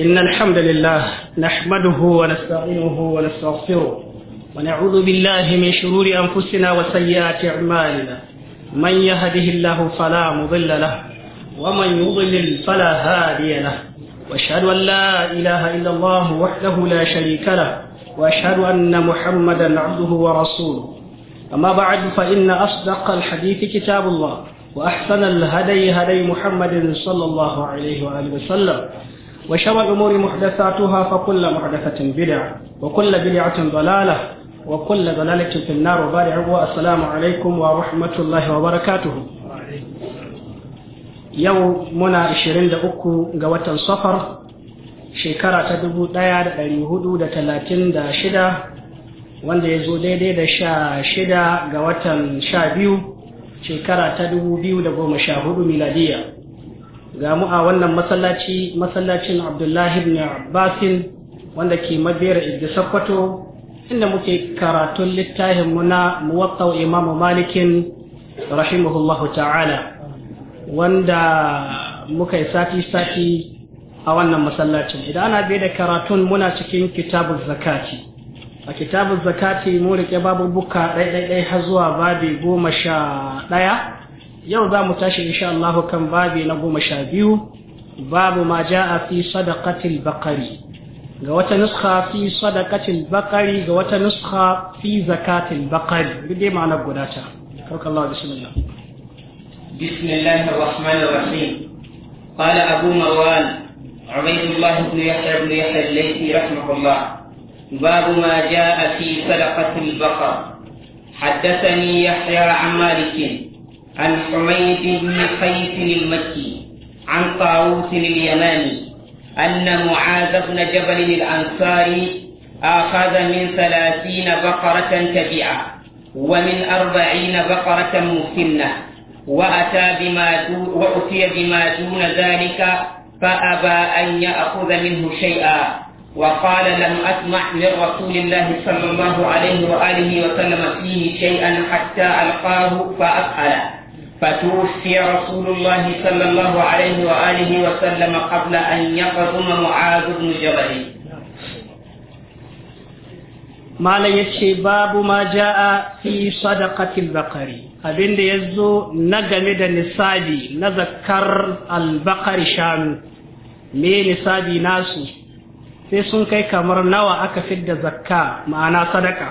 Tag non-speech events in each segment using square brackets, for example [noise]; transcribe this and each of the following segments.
إن الحمد لله نحمده ونستعينه ونستغفره ونعوذ بالله من شرور أنفسنا وسيئات أعمالنا من يهده الله فلا مضل له ومن يضلل فلا هادي له واشهد ان لا اله الا الله وحده لا شريك له واشهد ان محمدا عبده ورسوله اما بعد فان اصدق الحديث كتاب الله واحسن الهدي هدي محمد صلى الله عليه واله وسلم وشر الأمور محدثاتها فكل محدثة بدعة وكل بدعة ضلالة وكل ضلالة في النار وبارع السلام عليكم ورحمة الله وبركاته yau muna 23 ga watan safar shekara ta 1436 wanda ya zo daidai da sha shida ga watan sha biyu shekara ta 2014 miladiya ga mu a wannan masallaci masallacin abdullahi ibn abbasin wanda ke mabera idda sakkwato inda muke karatun littafin mu na muwatta imam malikin rahimahullahu ta'ala wanda muka yi sati sati a wannan masallacin idan ana bai da karatun muna cikin kitabun zakati a kitabun zakati mu rike babu buka ɗaiɗaiɗai har zuwa babi goma sha ɗaya yau za mu tashi insha Allah kan babi na goma sha biyu babu ma ja a fi sadaqatil baqari ga wata nuskha fi sadaqatil baqari ga wata nuskha fi zakatil baqari duk dai ma'ana guda ta farko Allah bismillah bismillahir rahmanir rahim qala abu marwan ubaydullah ibn yahya ibn yahya al-laythi rahimahullah Babu ma jaa fi sadaqatil baqar حدثني يحيى عن مالك عن حميد بن قيس المكي عن طاووس اليماني أن معاذ بن جبل الأنصاري أخذ من ثلاثين بقرة تبعة ومن أربعين بقرة مسنة وأتى بما دون وأتي بما دون ذلك فأبى أن يأخذ منه شيئا وقال لم أسمع من رسول الله صلى الله عليه وآله وسلم فيه شيئا حتى ألقاه فأسأله فتوفي رسول الله صلى الله عليه وآله وسلم قبل أن يقدم معاذ بن جبل ما لا باب ما جاء في صدقة البقر abin da ya zo na game da nisabi na zakar albakar shanu me nisabi nasu sai sun kai kamar nawa aka fidda zakka ma'ana sadaka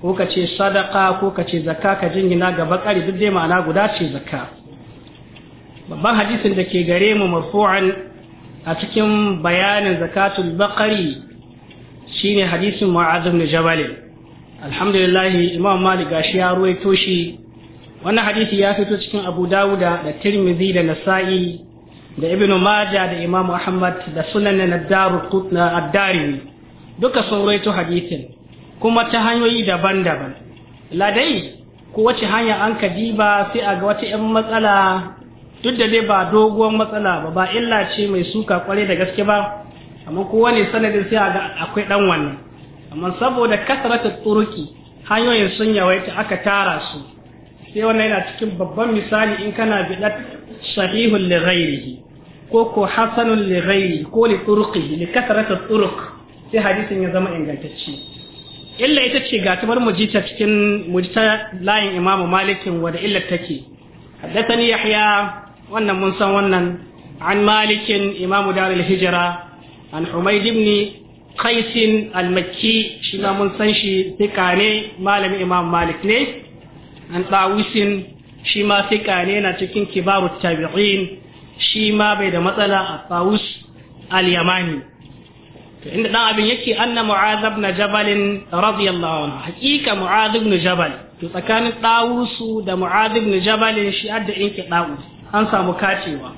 ko ka ce sadaka ko ka ce zakka ka jingina gaba ƙari duk dai ma'ana guda ce zaka. babban hadisin da ke gare mu marfu'an a cikin bayanin zakatun bakari shine hadisin mu'adh ibn jabal alhamdulillah imam malik gashi ya ruwaito shi wannan hadisi ya fito cikin abu dawuda da Tirmizi da nasa'i da ibnu majah da imam ahmad da sunan na ad-darimi duka sun ruwaito hadisin kuma ta hanyoyi daban-daban ladai ko wace hanya an ka diba sai a ga wata 'yan matsala duk da dai ba doguwar matsala ba ba illa ce mai suka kware da gaske ba amma kowane sanadin sai a ga akwai ɗan wannan amma saboda kasaratar turuki hanyoyin sun yawaita aka tara su sai wannan yana cikin babban misali in kana bidat sahihun li ghairihi ko ko hasanun li ko li li kasaratar sai hadisin ya zama ingantacce illa ita ce ga tabar mu ta cikin mu ta layin imamu malikin wada illa take haddathani yahya wannan mun san wannan an malikin imamu darul hijra an humayd ibn qais al-makki shi ma mun san shi fika ne malami imam malik ne an tawisin shi ma fika ne na cikin kibarut tabi'in shi ma bai da matsala a tawus al-yamani to inda dan abin yake anna mu'adh ibn jabal radiyallahu anhu hakika mu'adh ibn jabal to tsakanin dawusu da mu'adh ibn jabal shi adda inke dawus an samu kacewa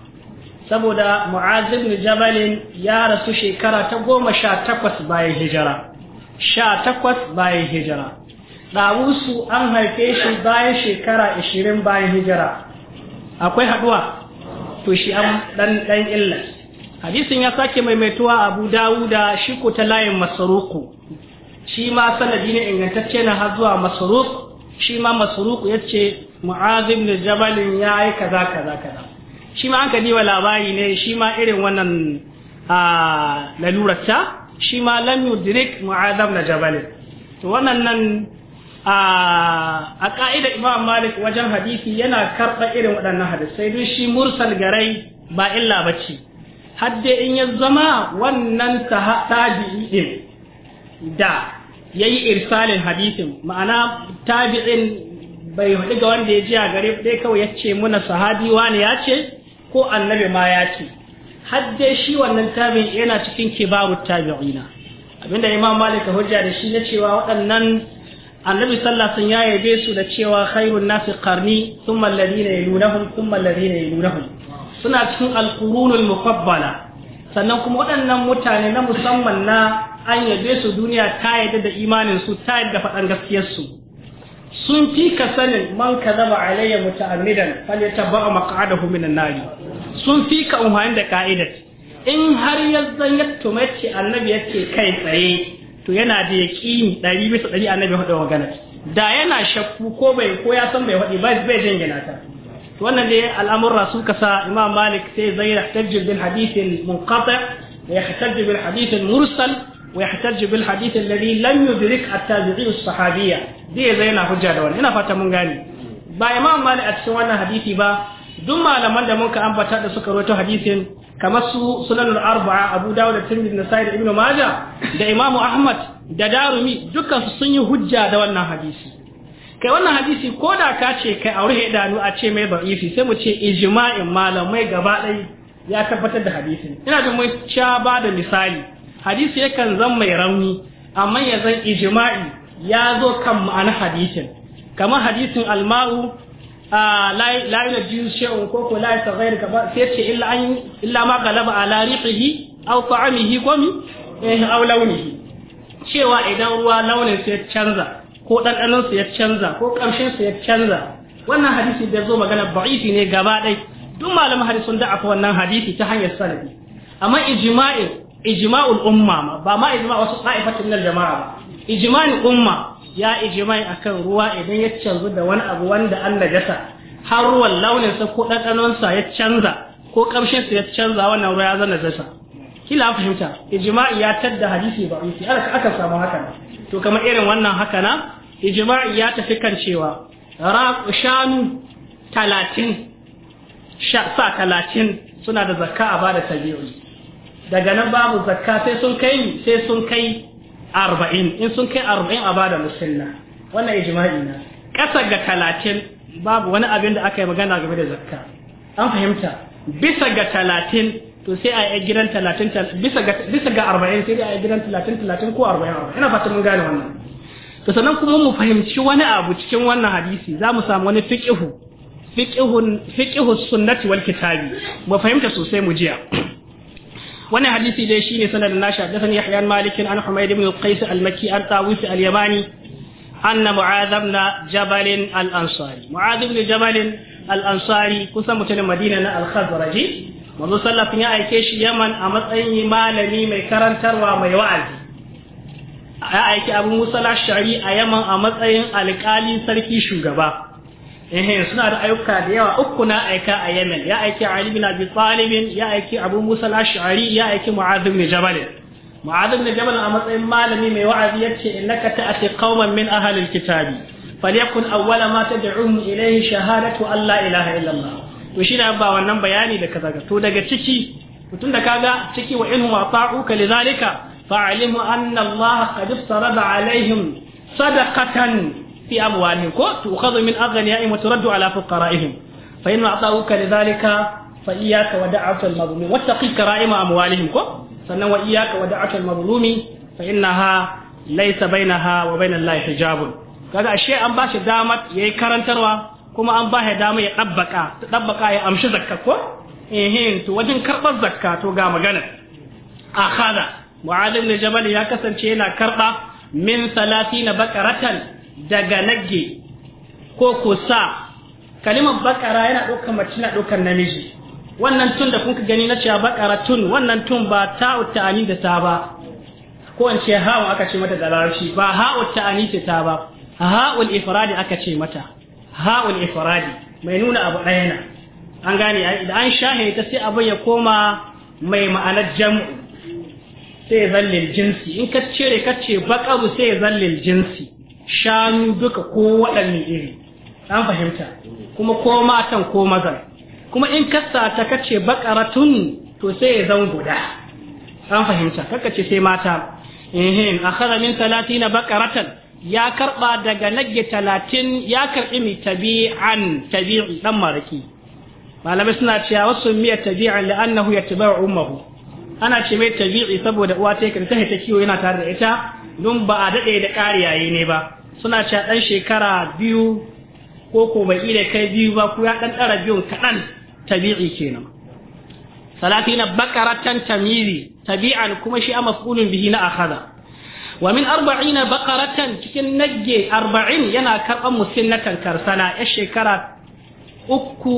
saboda mu'adh ibn jabal ya rasu shekara ta 18 bayan hijira 18 bayan hijira dawusu an haife shi bayan shekara 20 bayan hijira akwai haduwa to shi an dan dan illa hadisin ya sake maimaituwa abu dawuda shi ko ta layin masaruku shi ma sanadi ne ingantacce na har zuwa masaruku shi ma masaruku ya ce mu'azim da jabalin ya yi kaza kaza kaza shi ma an ka diwa labari ne shi ma irin wannan a shi ma lam yudrik mu'azim da jabalin to wannan nan a ka'ida imam malik wajen hadisi yana karɓa irin waɗannan hadisai duk shi mursal garai ba illa bace har in ya zama wannan tabi'i din da yayi irsalin hadisin ma'ana tabi'in bai hudu ga wanda ya ji a gare Ɗaya kawai ya ce muna sahabi wani ya ce ko annabi ma ya ce har shi wannan tabi'in yana cikin kibaru tabi'ina abinda imam malik hujja da shi na cewa waɗannan annabi sallallahu alaihi ya yabe su da cewa khairun nasi qarni thumma alladhina yalunahum thumma alladhina yalunahum suna cikin alkurunul mufabbala sannan kuma waɗannan mutane na musamman na an yabe su duniya ta yarda da imanin su ta yadda faɗan gaskiyar su sun fi ka sanin man ka zaba alayya muta'ammidan fal yatabba maq'adahu minan nar sun fi ka da ka'idat in har yanzan ya tumaci annabi yake kai tsaye to yana da yaqini 100 bisa 100 annabi ya magana da yana shakku ko bai ko ya san bai faɗi ba bai jingina ta wannan ne al'amurra sun kasa imam malik sai zai yahtajju bil hadithin munqati wa yahtajju bil hadithin mursal wa yahtajju bil hadith alladhi lam yudrik at-tabi'i as-sahabiyya dai zai yana hujja da wannan ina fata mun gane ba imam malik a cikin wannan hadisi ba duk malaman da muka ambata da suka rawaito hadisin kamar su sunanul arba'a abu dawud da tirmidhi da sa'id ibn majah da imamu ahmad da darumi dukkan su sun yi hujja da wannan hadisi kai wannan hadisi ko da ka ce kai aure ya idanu a ce mai da'ifi sai mu ce ijma'in malamai gaba ɗaya ya tabbatar da hadisin ina da mun sha ba da misali hadisi yakan zan mai rauni amma ya zan ijma'i ya zo kan ma'ana hadisin kamar hadisin alma'u la jin shay'un ko ko la yasghayru gaba, sai ce illa an illa ma galaba ala riqihi aw ta'amihi ko eh aw launihi cewa idan ruwa launin sai canza ko ɗanɗanonsu ya canza ko ƙamshinsu ya canza wannan hadisi da zo magana ba'ifi ne gaba ɗai duk malamin hadisun da aka wannan hadisi ta hanyar sanadi amma ijma'in ijma'ul umma ma ba ma ijma wasu ta'ifatin nan jama'a ba ijma'in umma ya ijma'i akan ruwa idan ya canzu da wani abu wanda an najasa har ruwan launin sa ko ɗanɗanonsa sa ya canza ko ƙamshin sa ya canza wannan ruwa ya zana zasa kila fahimta ijma'i ya tadda hadisi ba aka samu haka to kama irin wannan haka na ijma'i ya tafi kan cewa shanu talatin sa talatin suna da zakka a bada tabi'un daga nan babu zakka sai sun kai sai sun kai arba'in in sun kai arba'in a bada musulla wannan ijma'i na ƙasa ga talatin babu wani abin da aka yi magana game da zakka an fahimta bisa ga talatin to sai a yi gidan talatin bisa ga arba'in sai dai a yi gidan talatin talatin ko arba'in arba'in ina fatan mun gane wannan to sannan kuma mu fahimci wani abu cikin wannan hadisi za mu samu wani fiqihu fiqihun fiqihu sunnati wal kitabi mu fahimta sosai mu jiya wani hadisi dai shine sanadin nashi hadathani yahya an malik an humayd ibn qais al makki an tawus al yamani anna mu'adh ibn jabal al ansari mu'adh ibn jabal al ansari kusa mutane madina na al khazraji manzo sallafin ya aike shi yaman a matsayin malami mai karantarwa mai wa'azi ya aiki abu musa shari a yaman a matsayin alkali sarki shugaba ehe suna da ayyuka da yawa uku na aika a yamen. ya aiki ali bin abi talib ya aiki abu musa shari ya aiki mu'adh bin jabal mu'adh bin jabal a matsayin malami mai wa'azi yace innaka ta'ati qauman min ahli alkitabi falyakun awwala ma tad'uhum ilayhi shahadatu an la ilaha illallah to shi na ba wannan bayani da kaza to daga ciki mutum da kaga ciki wa inhum ata'uka lidhalika fa'alimu anna Allah qad iftarada alaihim sadaqatan fi amwalihim ko tu'khadhu min aghniya'ihim wa turaddu ala fuqara'ihim fa in ata'uka lidhalika fa iyyaka wa da'at al-mazlum wa taqi kara'ima amwalihim ko sannan wa iyyaka wa da'at al-mazlumi fa innaha laysa bainaha wa bainal lahi hijabun kaga ashe an bashi damar yayi karantarwa kuma an ba ya dama ya ɗabbaka ta ya amshi zakka ko ehin to wajen karɓar zakka to ga magana a hada mu'adin da Jamal ya kasance yana karɓa min salati na bakaratan daga nagge ko kusa kalimar baƙara yana ɗaukar mace na ɗaukar namiji wannan tun da kun ka gani na cewa bakara tun wannan tun ba ta'u ta'ani da ta ba ko in ce hawa aka ce mata da larabci ba ha'u ta'ani ce ta ba ha'ul ifradi aka ce mata ha'ul ifradi mai nuna abu ɗaya na an gane idan an shahe ta sai abin ya koma mai ma'anar jam'u sai zallil jinsi in ka cire ka ce baqaru sai zallil jinsi shanu duka ko waɗanne iri an fahimta kuma ko matan ko mazan kuma in ka kasa ta ce baqaratun to sai zan guda an fahimta kaka ce sai mata ehin akhara min 30 baqaratan ya karba daga nage talatin ya karbi mi tabi'an tabi'i dan maraki malamai suna cewa wasu miya tabi'an da la'annahu yatba'u ummuhu ana ce mai tabi'i saboda uwa ta kan ta ta kiwo yana tare da ita don ba a daɗe da kariyaye ne ba suna cewa ɗan shekara biyu ko ko bai ida kai biyu ba ko ya dan dara biyun kadan tabi'i kenan salatina bakaratan tamiri tabi'an kuma shi a bihi na akhada wa min arba'ina baqaratan cikin nagge arba'in yana karɓar musinnatan karsana ya shekara uku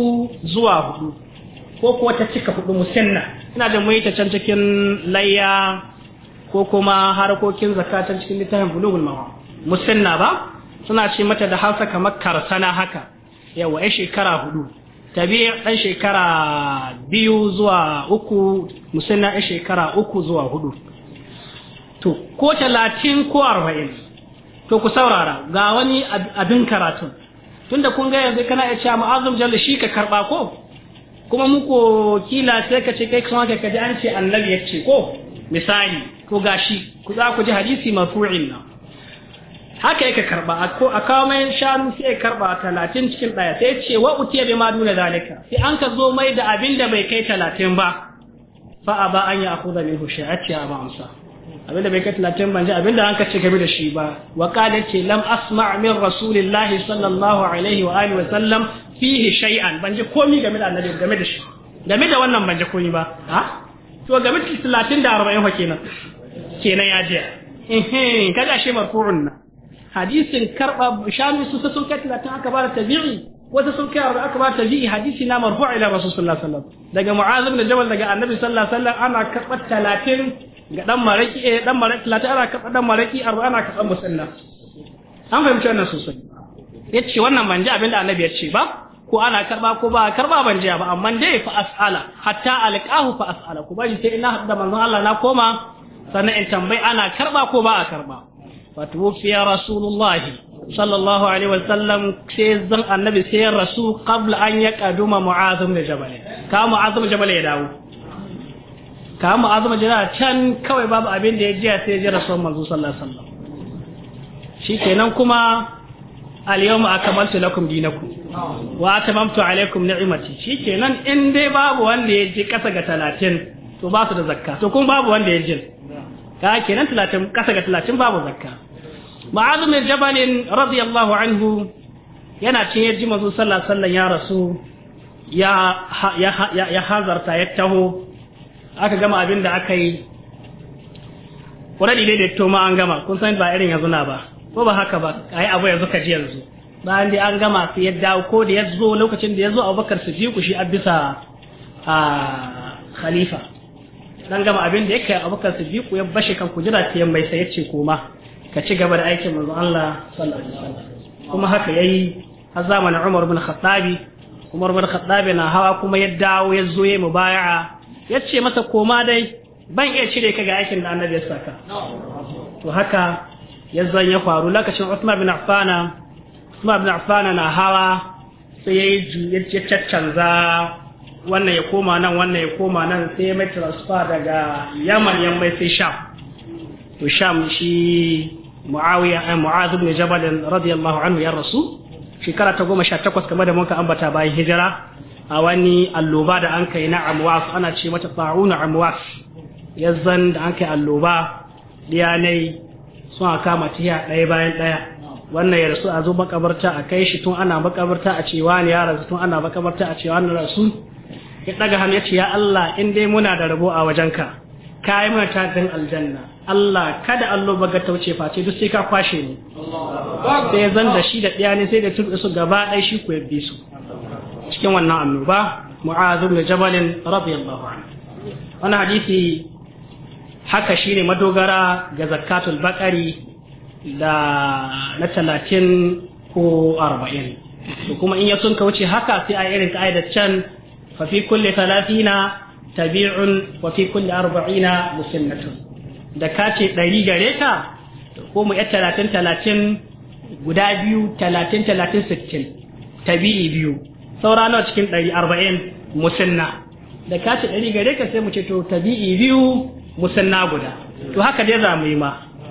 zuwa hudu ko kuwa ta cika hudu musinna ina da mai ta can cikin layya ko kuma harkokin zakatan cikin littafin bulugul mawa musinna ba suna ce mata da hausa kamar karsana haka yawa ya shekara hudu tabi dan shekara biyu zuwa uku musinna ya shekara uku zuwa hudu to ko talatin ko arba'in to ku saurara ga wani abin karatun tunda kun ga yanzu kana iya cewa ma'azum jalla shi ka karba ko kuma muku kila sai ka ce kai kuma ka kaji an ce annabi ya ce ko misali ko gashi ku za ku ji hadisi marfu'in nan haka yake karba ko a kawo mai shanu sai ya karba talatin cikin ɗaya sai ya ce wa utiya bi ma duna zalika sai an ka zo mai da abin da bai kai talatin ba fa a ba an yi akuza min hushe a ce a ba amsa abinda bai kai talatin ban ji abinda an ka ce game da shi ba wa qala ce lam asma' min rasulillah sallallahu alaihi wa alihi wa sallam fihi shay'an ban ji komai game da annabi game da shi game da wannan ban ji komai ba ha to game da talatin da arba'in fa kenan kenan ya je eh kada shi marfu'un na hadisin karba shami su sun kai talatin aka ba da tabi'i wata sun kai arba'in aka ba da bi hadisi na marfu' ila rasul sallallahu alaihi wasallam daga mu'az ibn jabal daga annabi sallallahu alaihi wa sallam ana karba talatin. ga dan maraki eh dan maraki lati ana kafa dan maraki arba ana kafa musanna an fahimci wannan sosai yace wannan ban ji abin da annabi ya ce ba ko ana karba ko ba karba ban ji ba amma dai fa as'ala hatta alqahu fa as'ala ku bari sai ina hadda manzon Allah na koma sannan in tambayi ana karba ko ba a karba fatuwfiya rasulullahi sallallahu alaihi wa sallam sai zan annabi sai rasu qabla an yaqaduma mu'azim da jabal ka mu'azim jabal ya dawo ta mu'azama jira can kawai babu abin da ya jiya sai ya ji rasuwar manzo sallallahu alaihi wasallam shikenan kuma al-yawma akmaltu lakum dinakum wa atamamtu alaykum ni'mati shikenan in dai babu wanda ya ji kasa ga 30 to ba su da zakka to kuma babu wanda ya ji ka kenan 30 kasa ga 30 babu zakka ma'azum bin jabal radiyallahu anhu yana cin ya ji manzo sallallahu alaihi wasallam ya rasu ya ya ya hazarta ya taho aka gama abin da aka yi kuradi daidaito to ma an gama kun san ba irin yanzu na ba ko ba haka ba yi abu yanzu ka ji yanzu bayan dai an gama su ya ko da ya zo lokacin da ya zo abubakar su ji ku shi a bisa a khalifa dan gama abin da ya kai abubakar su ji ku ya bashi kan ku jira ta yamma sai ya ce koma ka ci gaba da aikin manzo Allah sallallahu alaihi wasallam kuma haka yayi har zamanin Umar bin Khattabi Umar bin Khattabi na hawa kuma ya dawo ya zo ya mubaya'a ya ce masa koma dai ban iya cire ka ga aikin da annabi ya saka to haka ya zan ya faru lokacin Uthman bin Affan Uthman bin Affan na hawa sai ya ya caccanza wannan ya koma nan wannan ya koma nan sai ya mai transfer daga Yaman mai sai Sham to Sham shi Muawiya eh, Mu'adh ibn Jabal radiyallahu anhu ya rasu shekara ta goma sha takwas kamar da muka ambata bayan hijira a wani alloba da an kai na amwas ana ce mata fa'una amwas yazzan da an kai alloba nai sun kama ya ɗaya bayan ɗaya wannan ya rasu a zo makabarta a kai shi tun ana makabarta a cewa wani ya rasu tun ana makabarta a cewa wani rasu ya daga hannu ya ce ya Allah in dai muna da rabo a wajen ka yi mana tatin aljanna Allah kada allo baga tauce face duk sai ka kwashe ni sai zan da shi da ɗaya ne sai da turɓe su gaba ɗaya shi ku yabbe su cikin wannan annoba mu'adh da jabalin radiyallahu anhu wannan hadisi haka shine madogara ga zakatul bakari da na talatin ko arba'in to kuma in ya sun wuce haka sai a irin ka'idar can fa fi kulli talatina tabi'un wa fi kulli da ka ce ɗari gare ka ko mu yar talatin talatin guda biyu talatin talatin sittin tabi'i biyu saura nawa cikin ɗari arba'in musanna da ka ɗari gare ka sai mu ce to tabi'i biyu musanna guda to haka dai za mu yi ma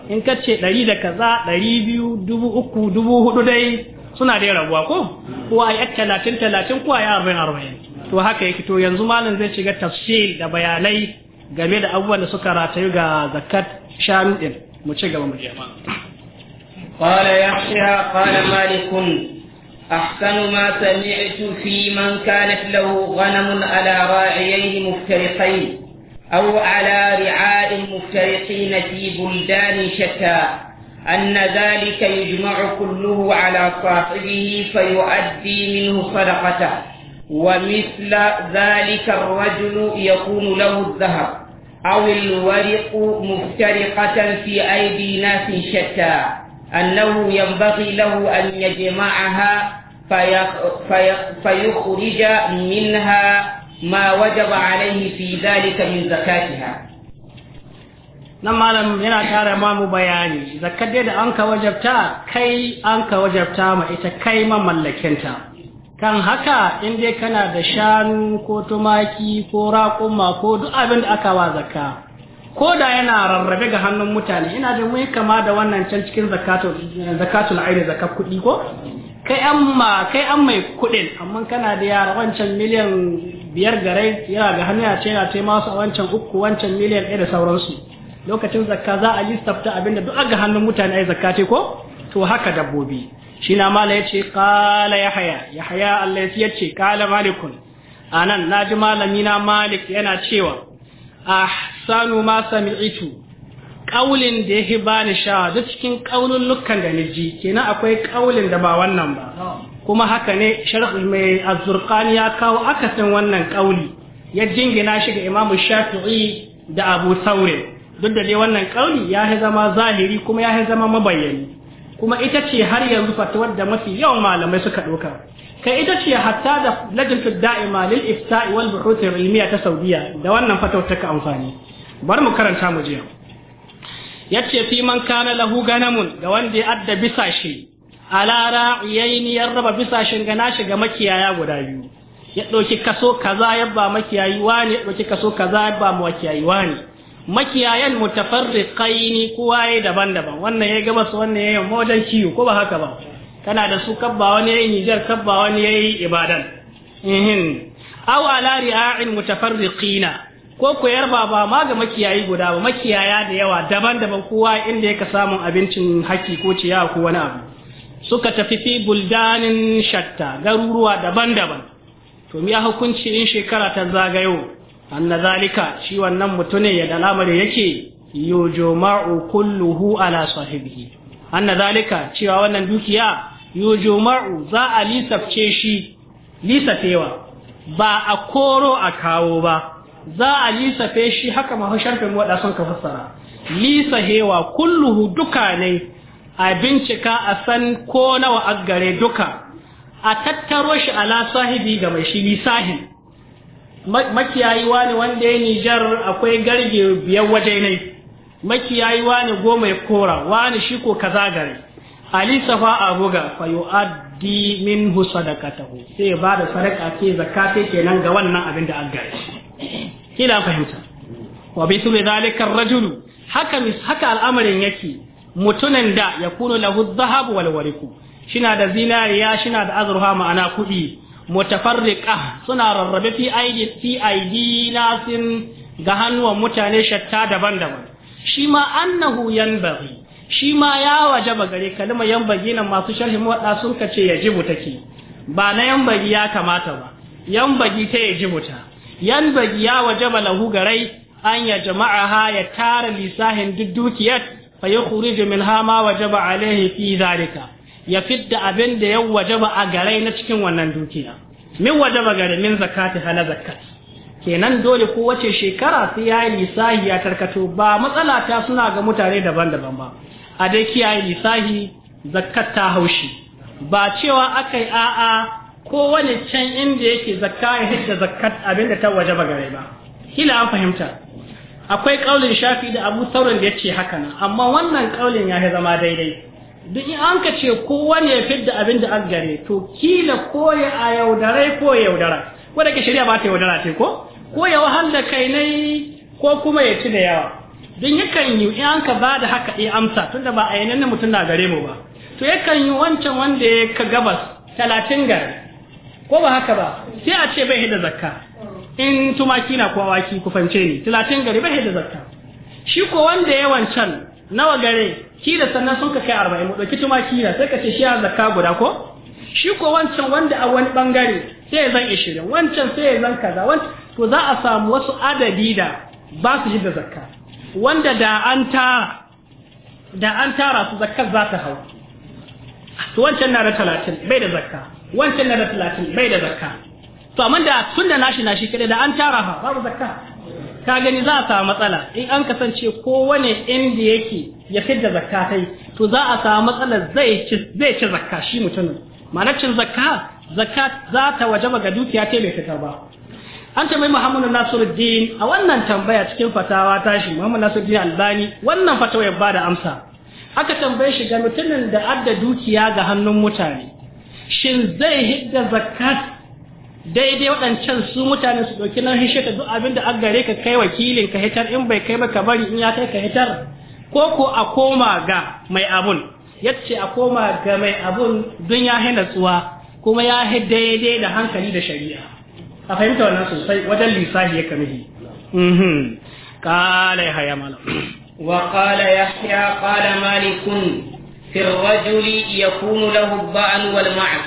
in ka ce ɗari da kaza ɗari biyu dubu uku dubu hudu dai suna dai rabuwa ko ko a yi talatin talatin ko a yi arba'in arba'in to haka yake to yanzu malam zai shiga tafsir da bayanai game da abubuwan da suka ratayu ga zakat shanu ɗin mu ci gaba mu je ma قال يحيى قال مالك أحسن ما سمعت في من كانت له غنم على راعيين مفترقين أو على رعاء مفترقين في بلدان شتى أن ذلك يجمع كله على صاحبه فيؤدي منه صدقته ومثل ذلك الرجل يكون له الذهب أو الورق مفترقة في أيدي ناس شتى أنه ينبغي له أن يجمعها فيخرج منها ما وجب عليه في ذلك من زكاتها nan malam yana tara mamu bayani zakkar dai da an ka wajabta kai an ka wajabta ma ita kai ma mallakinta kan haka in dai kana da shanu ko tumaki ko raƙuma ko duk abinda aka wa zakka ko da yana rarrabe ga hannun mutane ina da mu kama da wannan can cikin zakatul aini zakat kuɗi ko kai an kai an mai kuɗin amma kana da yara wancan miliyan biyar gare yana ga hannun ya ce yana ce masu wancan uku wancan miliyan ɗaya da sauransu lokacin zakka za a listafta abinda duk ga hannun mutane ai zakka ko to haka dabbobi shi na mala ya ce kala ya Allah ya ce kala malikun anan naji malami na malik yana cewa ahsanu ma sami'tu kaulin da yake bani shawa duk cikin kaulin lukkan da ji kenan akwai kaulin da ba wannan ba kuma haka ne sharh mai azurqani ya kawo akasin wannan kauli ya jingina shi ga Imam Shafi'i da Abu Saurin duk da dai wannan kauli ya zama zahiri kuma ya zama mabayyani kuma ita ce har yanzu fatuwar da mafi yawan malamai suka ɗauka ka ita ce hatta da lajinta da'ima lil ifta'i wal buhuthi ilmiya ta Saudiya da wannan fatawar ta ka amfani bar mu karanta mu jiya yace fi man kana lahu ganamun ga wanda ya adda bisa shi ala ra'iyaini ya raba bisa shi ga nashi ga makiyaya guda biyu ya dauki kaso kaza yabba makiyayi wani ya dauki kaso kaza yabba makiyayi wani makiyayan mutafarriqaini kuwaye daban-daban wannan ya gabas wannan ya yamma wajen kiyo ko ba haka ba kana da su kabba wani yayi Nijar kabba wani yayi Ibadan ehin aw ala ri'a'in mutafarriqina ko ko yarba ba ma ga makiyayi guda ba makiyaya da yawa daban-daban kowa inda yake samun abincin haki ko ciya ko wani abu suka tafi fi buldanin shatta garuruwa daban-daban to miya hukunci in shekara ta zagayo anna zalika shi wannan mutune ya da lamarin yake yujma'u kulluhu ala sahibihi anna zalika cewa wannan dukiya Yu'jumaru za a lisafce shi lisafewa ba a koro a kawo ba za a lisafe shi haka mahu sharfin wada sun ka fassara lisahewa kulluhu duka ne a bincika a san ko nawa a gare duka a tattaro shi ala sahibi ga mai shi lisahi makiyayi wani wanda ya nijar akwai garge biyar waje ne makiyayi wani goma ya kora wani shi ko kaza gare ali safa a buga fa yu'addi minhu sadaqatahu sai ba da sadaka ce zakati kenan ga wannan abin da an gare kila fahimta wa bi sulu zalika rajulu haka haka al'amarin yake mutunan da yakunu lahu adh-dhahab wal wariku shina da zinariya shina da azurfa ma'ana kuɗi mutafarriqa suna rarrabe fi aidi fi aidi nasin ga hannuwan mutane shatta daban-daban shi ma annahu yanbaghi shi ma ya wajaba gare kalima yan bagi nan masu sharhi muwadda sun ya jibu take ba na yan bagi ya kamata ba yan bagi ta ya jibu ta yan bagi ya wajaba lahu garai an ya jama'a ya tara lisahin duk dukiyar fa min ha ma wajaba alaihi fi zalika ya fidda abin da ya wajaba a garai na cikin wannan dukiya min wajaba gare min zakati hala zakat kenan dole ko wace shekara sai ya yi lisahi ya tarkato ba matsala ta suna ga mutane daban-daban ba a dai kiyaye isahi zakat ta haushi ba cewa aka yi a'a ko wani can inda yake zakka ya hidda zakat abinda ta waje ba gare ba kila an fahimta akwai kaulin shafi da abu sauran da ce haka nan amma wannan kaulin ya zama daidai duk in an ka ce wani ya fidda abinda an gare to kila ko ya a yaudarai ko ya yaudara ko da ke shari'a ba ta yaudara ce ko ko ya wahala kai nai ko kuma ya ci da yawa don yakan yi in an ka bada haka ya amsa tunda ba a yanayin mutum na gare mu ba to yakan yi wancan wanda ya ka gabas talatin gari ko ba haka ba sai a ce bai da zakka in tumaki na kowa kufance ni talatin gari bai da zakka shi ko wanda ya wancan nawa gare ki da sannan sun ka kai arba'in mu ɗauki tumaki na sai ka ce shi ya zakka guda ko shi ko wancan wanda a wani bangare sai ya zan ishirin wancan sai ya zan kaza wancan to za a samu wasu adadi da ba su yi da zakka wanda da an tara da an tara su zakka za ta hau to wancan na da talatin bai da zakka wancan na da talatin bai da zakka to amma da tun da nashi nashi kada da an tara ha babu zakka ka gani za a samu matsala in an kasance kowane inda yake ya fidda zakka kai to za a samu matsala zai ci zai ci zakka shi mutumin ma'anar cin zakka zakka za ta wajaba ga dukiya ta bai fitar ba an mai Muhammadu Nasiruddin a wannan tambaya cikin fatawa tashi Muhammadu Nasiruddin Albani wannan fatawa ya da amsa aka tambaye shi ga mutumin da adda dukiya ga hannun mutane shin zai hidda zakat daidai waɗancan su mutane su ɗauki nan hishe duk abin da an gare ka kai wakilin ka hitar in bai kai ba ka bari in ya kai ka hitar ko ko a koma ga mai abun yace a koma ga mai abun don ya hina tsuwa kuma ya daidai da hankali da shari'a a fahimta wannan sosai wajen lissahi ya kamihi قال يحيى مالك وقال يحيى قال مالك في الرجل يكون له الضأن والمعز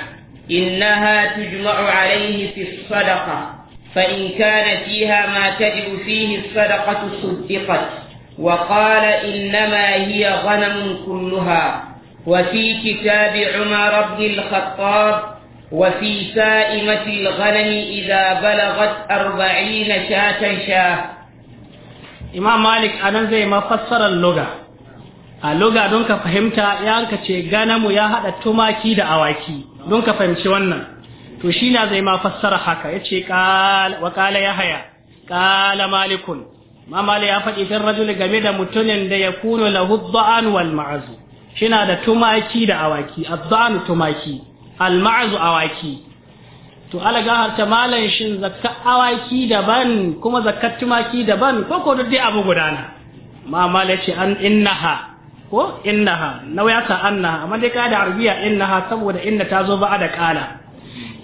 إنها تجمع عليه في الصدقة فإن كان فيها ما تجب فيه الصدقة صدقت وقال إنما هي غنم كلها وفي كتاب عمر بن الخطاب وفي سائمة الغنم إذا بلغت أربعين شاة شاه إمام مالك أنا زي ما فسر اللغة اللغة دونك فهمتها يانك تشي غنم haɗa tumaki da دا أواكي دونك فهمتي wannan to shi na zai ma haka ya ce wa kala ya haya kala malikun ma ya faɗi fin rajul game da mutumin da ya kuno lahu da'an wal ma'azu Shina da tumaki da awaki adda'an tumaki alma'azu awaki to alaga ta malan shin zakka awaki daban kuma zakkat tumaki daban ko ko duk dai abu gudana ma malace an innaha ko innaha nauyata annaha amma dai ka da arabiya innaha saboda inna ta zo ba da kala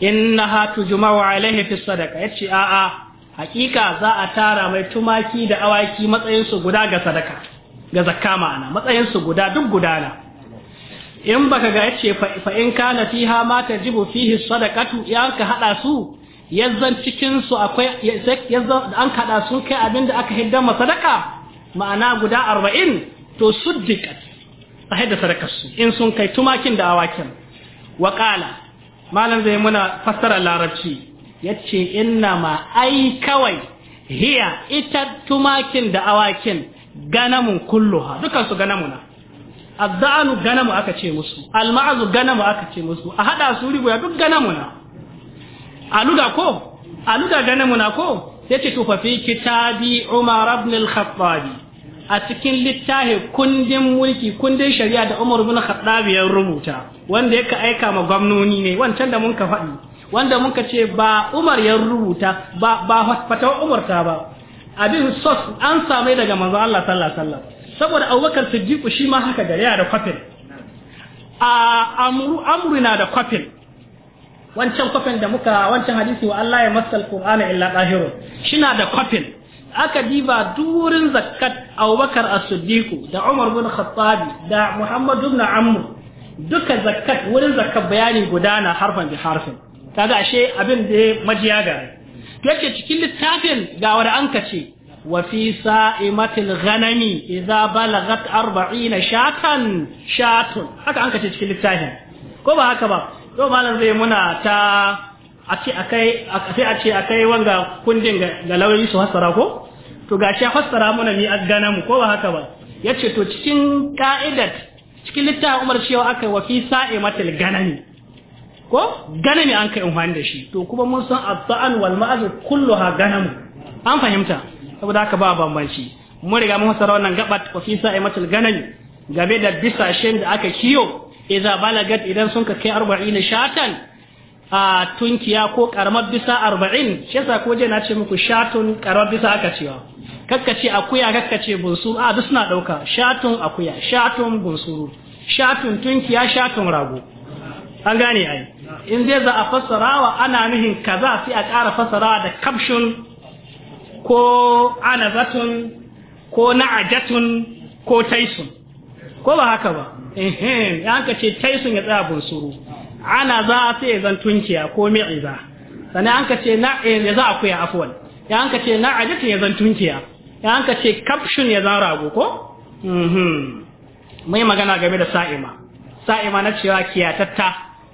innaha tujma'u alaihi fi sadaqa yace a a hakika za a tara mai tumaki da awaki matsayin su guda ga sadaka ga zakka ma'ana matsayin su guda duk gudana in baka ga yace fa in kana fiha ma tajibu fihi sadaqatu ya ka hada su yazzan cikin su akwai yazzan an kada su kai abinda aka hidda ma sadaka ma'ana guda 40 to suddiqat a hidda sadakar su in sun kai tumakin da awakin wa qala malam zai muna fassara larabci yace inna ma ai kawai hiya ita tumakin da awakin ganamun kulluha dukan su ganamuna adda'anu ganamu aka ce musu alma'azu ganamu aka ce musu a hada su ribu ya duk ganamu na aluga ko aluga ganamu na ko sai ce tufa fi kitabi umar ibn al-khattabi a cikin littafin kundin mulki kundin shari'a da umar ibn al-khattabi ya rubuta wanda yake aika ma gwamnoni ne wancan da mun ka faɗi wanda mun ka ce ba umar ya rubuta ba ba fatawa umar ta ba abin sos an same daga manzo Allah sallallahu alaihi wasallam saboda abubakar siddiku shi ma haka gare da kwafin a amru amru na da kwafin wancan kwafin da muka wancan hadisi wa Allah ya masal qur'ana illa shi na da kwafin aka diba durin zakat abubakar as siddiku da umar bin khattab da muhammad ibn amr duka zakat wurin zakat bayani gudana harfan bi harfin kaga ashe abin da majiya gare yake cikin littafin ga wanda an kace وفي سائمة الغنم إذا بلغت أربعين شاتا شات حتى أنك تشكي للتاهم كما هكذا يوم أنا زي منا تا أتي أكي أتي أتي أكي وانغا كندين غلاوي يسو هسرا كو to gashi fassara mana ni a gana يتشي ko ba haka ba yace to cikin ka'idat cikin littafin Umar cewa aka ko ganami an kai umfani da shi to kuma mun san at wal ma'az kulluha ganamu an fahimta saboda haka ba bambanci mun riga mun fasara wannan gabat wa fi matal ganan game da bisa bisashen da aka kiyo idza balagat idan sun ka kai 40 shatan a tunkiya ko karamar bisa 40 shi yasa ko je na ce muku shatun karamar bisa aka cewa kakkace akuya kakkace bunsu a duk suna dauka shatun akuya shatun bunsuru shatun tunkiya shatun rago an gane ai in zai za a fassarawa ana nuhin kaza sai a ƙara fassarawa da caption ko anazatun ko na'ajatun ko taisun ko ba haka ba ehem ya hanka ce taisun ya tsaya bunsuru ana za a sai zan tunkiya ko mi'iza sannan an ka ce na ya za a kuya afwan ya hanka ce na'ajatun ya zan tunkiya ya hanka ce caption ya zan rago ko mhm mai magana game da sa'ima sa'ima na cewa kiyatatta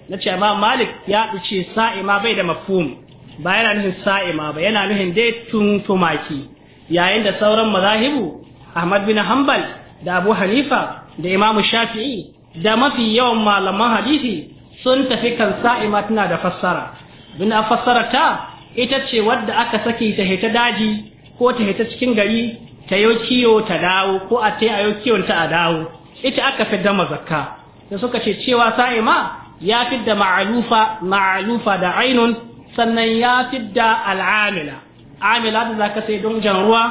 na cewa malik ya ce sa'ima bai da mafhum ba yana nufin sa'ima ba yana nufin dai tun tumaki yayin da sauran mazahibu ahmad bin hanbal da abu hanifa da imam shafi'i da mafi yawan malaman hadisi sun tafi kan sa'ima tana da fassara bin a fassara ta ita ce wadda aka saki ta heta daji ko ta heta cikin gari ta yau kiyo ta dawo ko a ta yau kiyon ta a dawo ita aka fi dama zakka da suka ce cewa sa'ima ya fi da ma'alufa ma'alufa da ainun sannan ya fidda al'amila amila da zaka sai don jan ruwa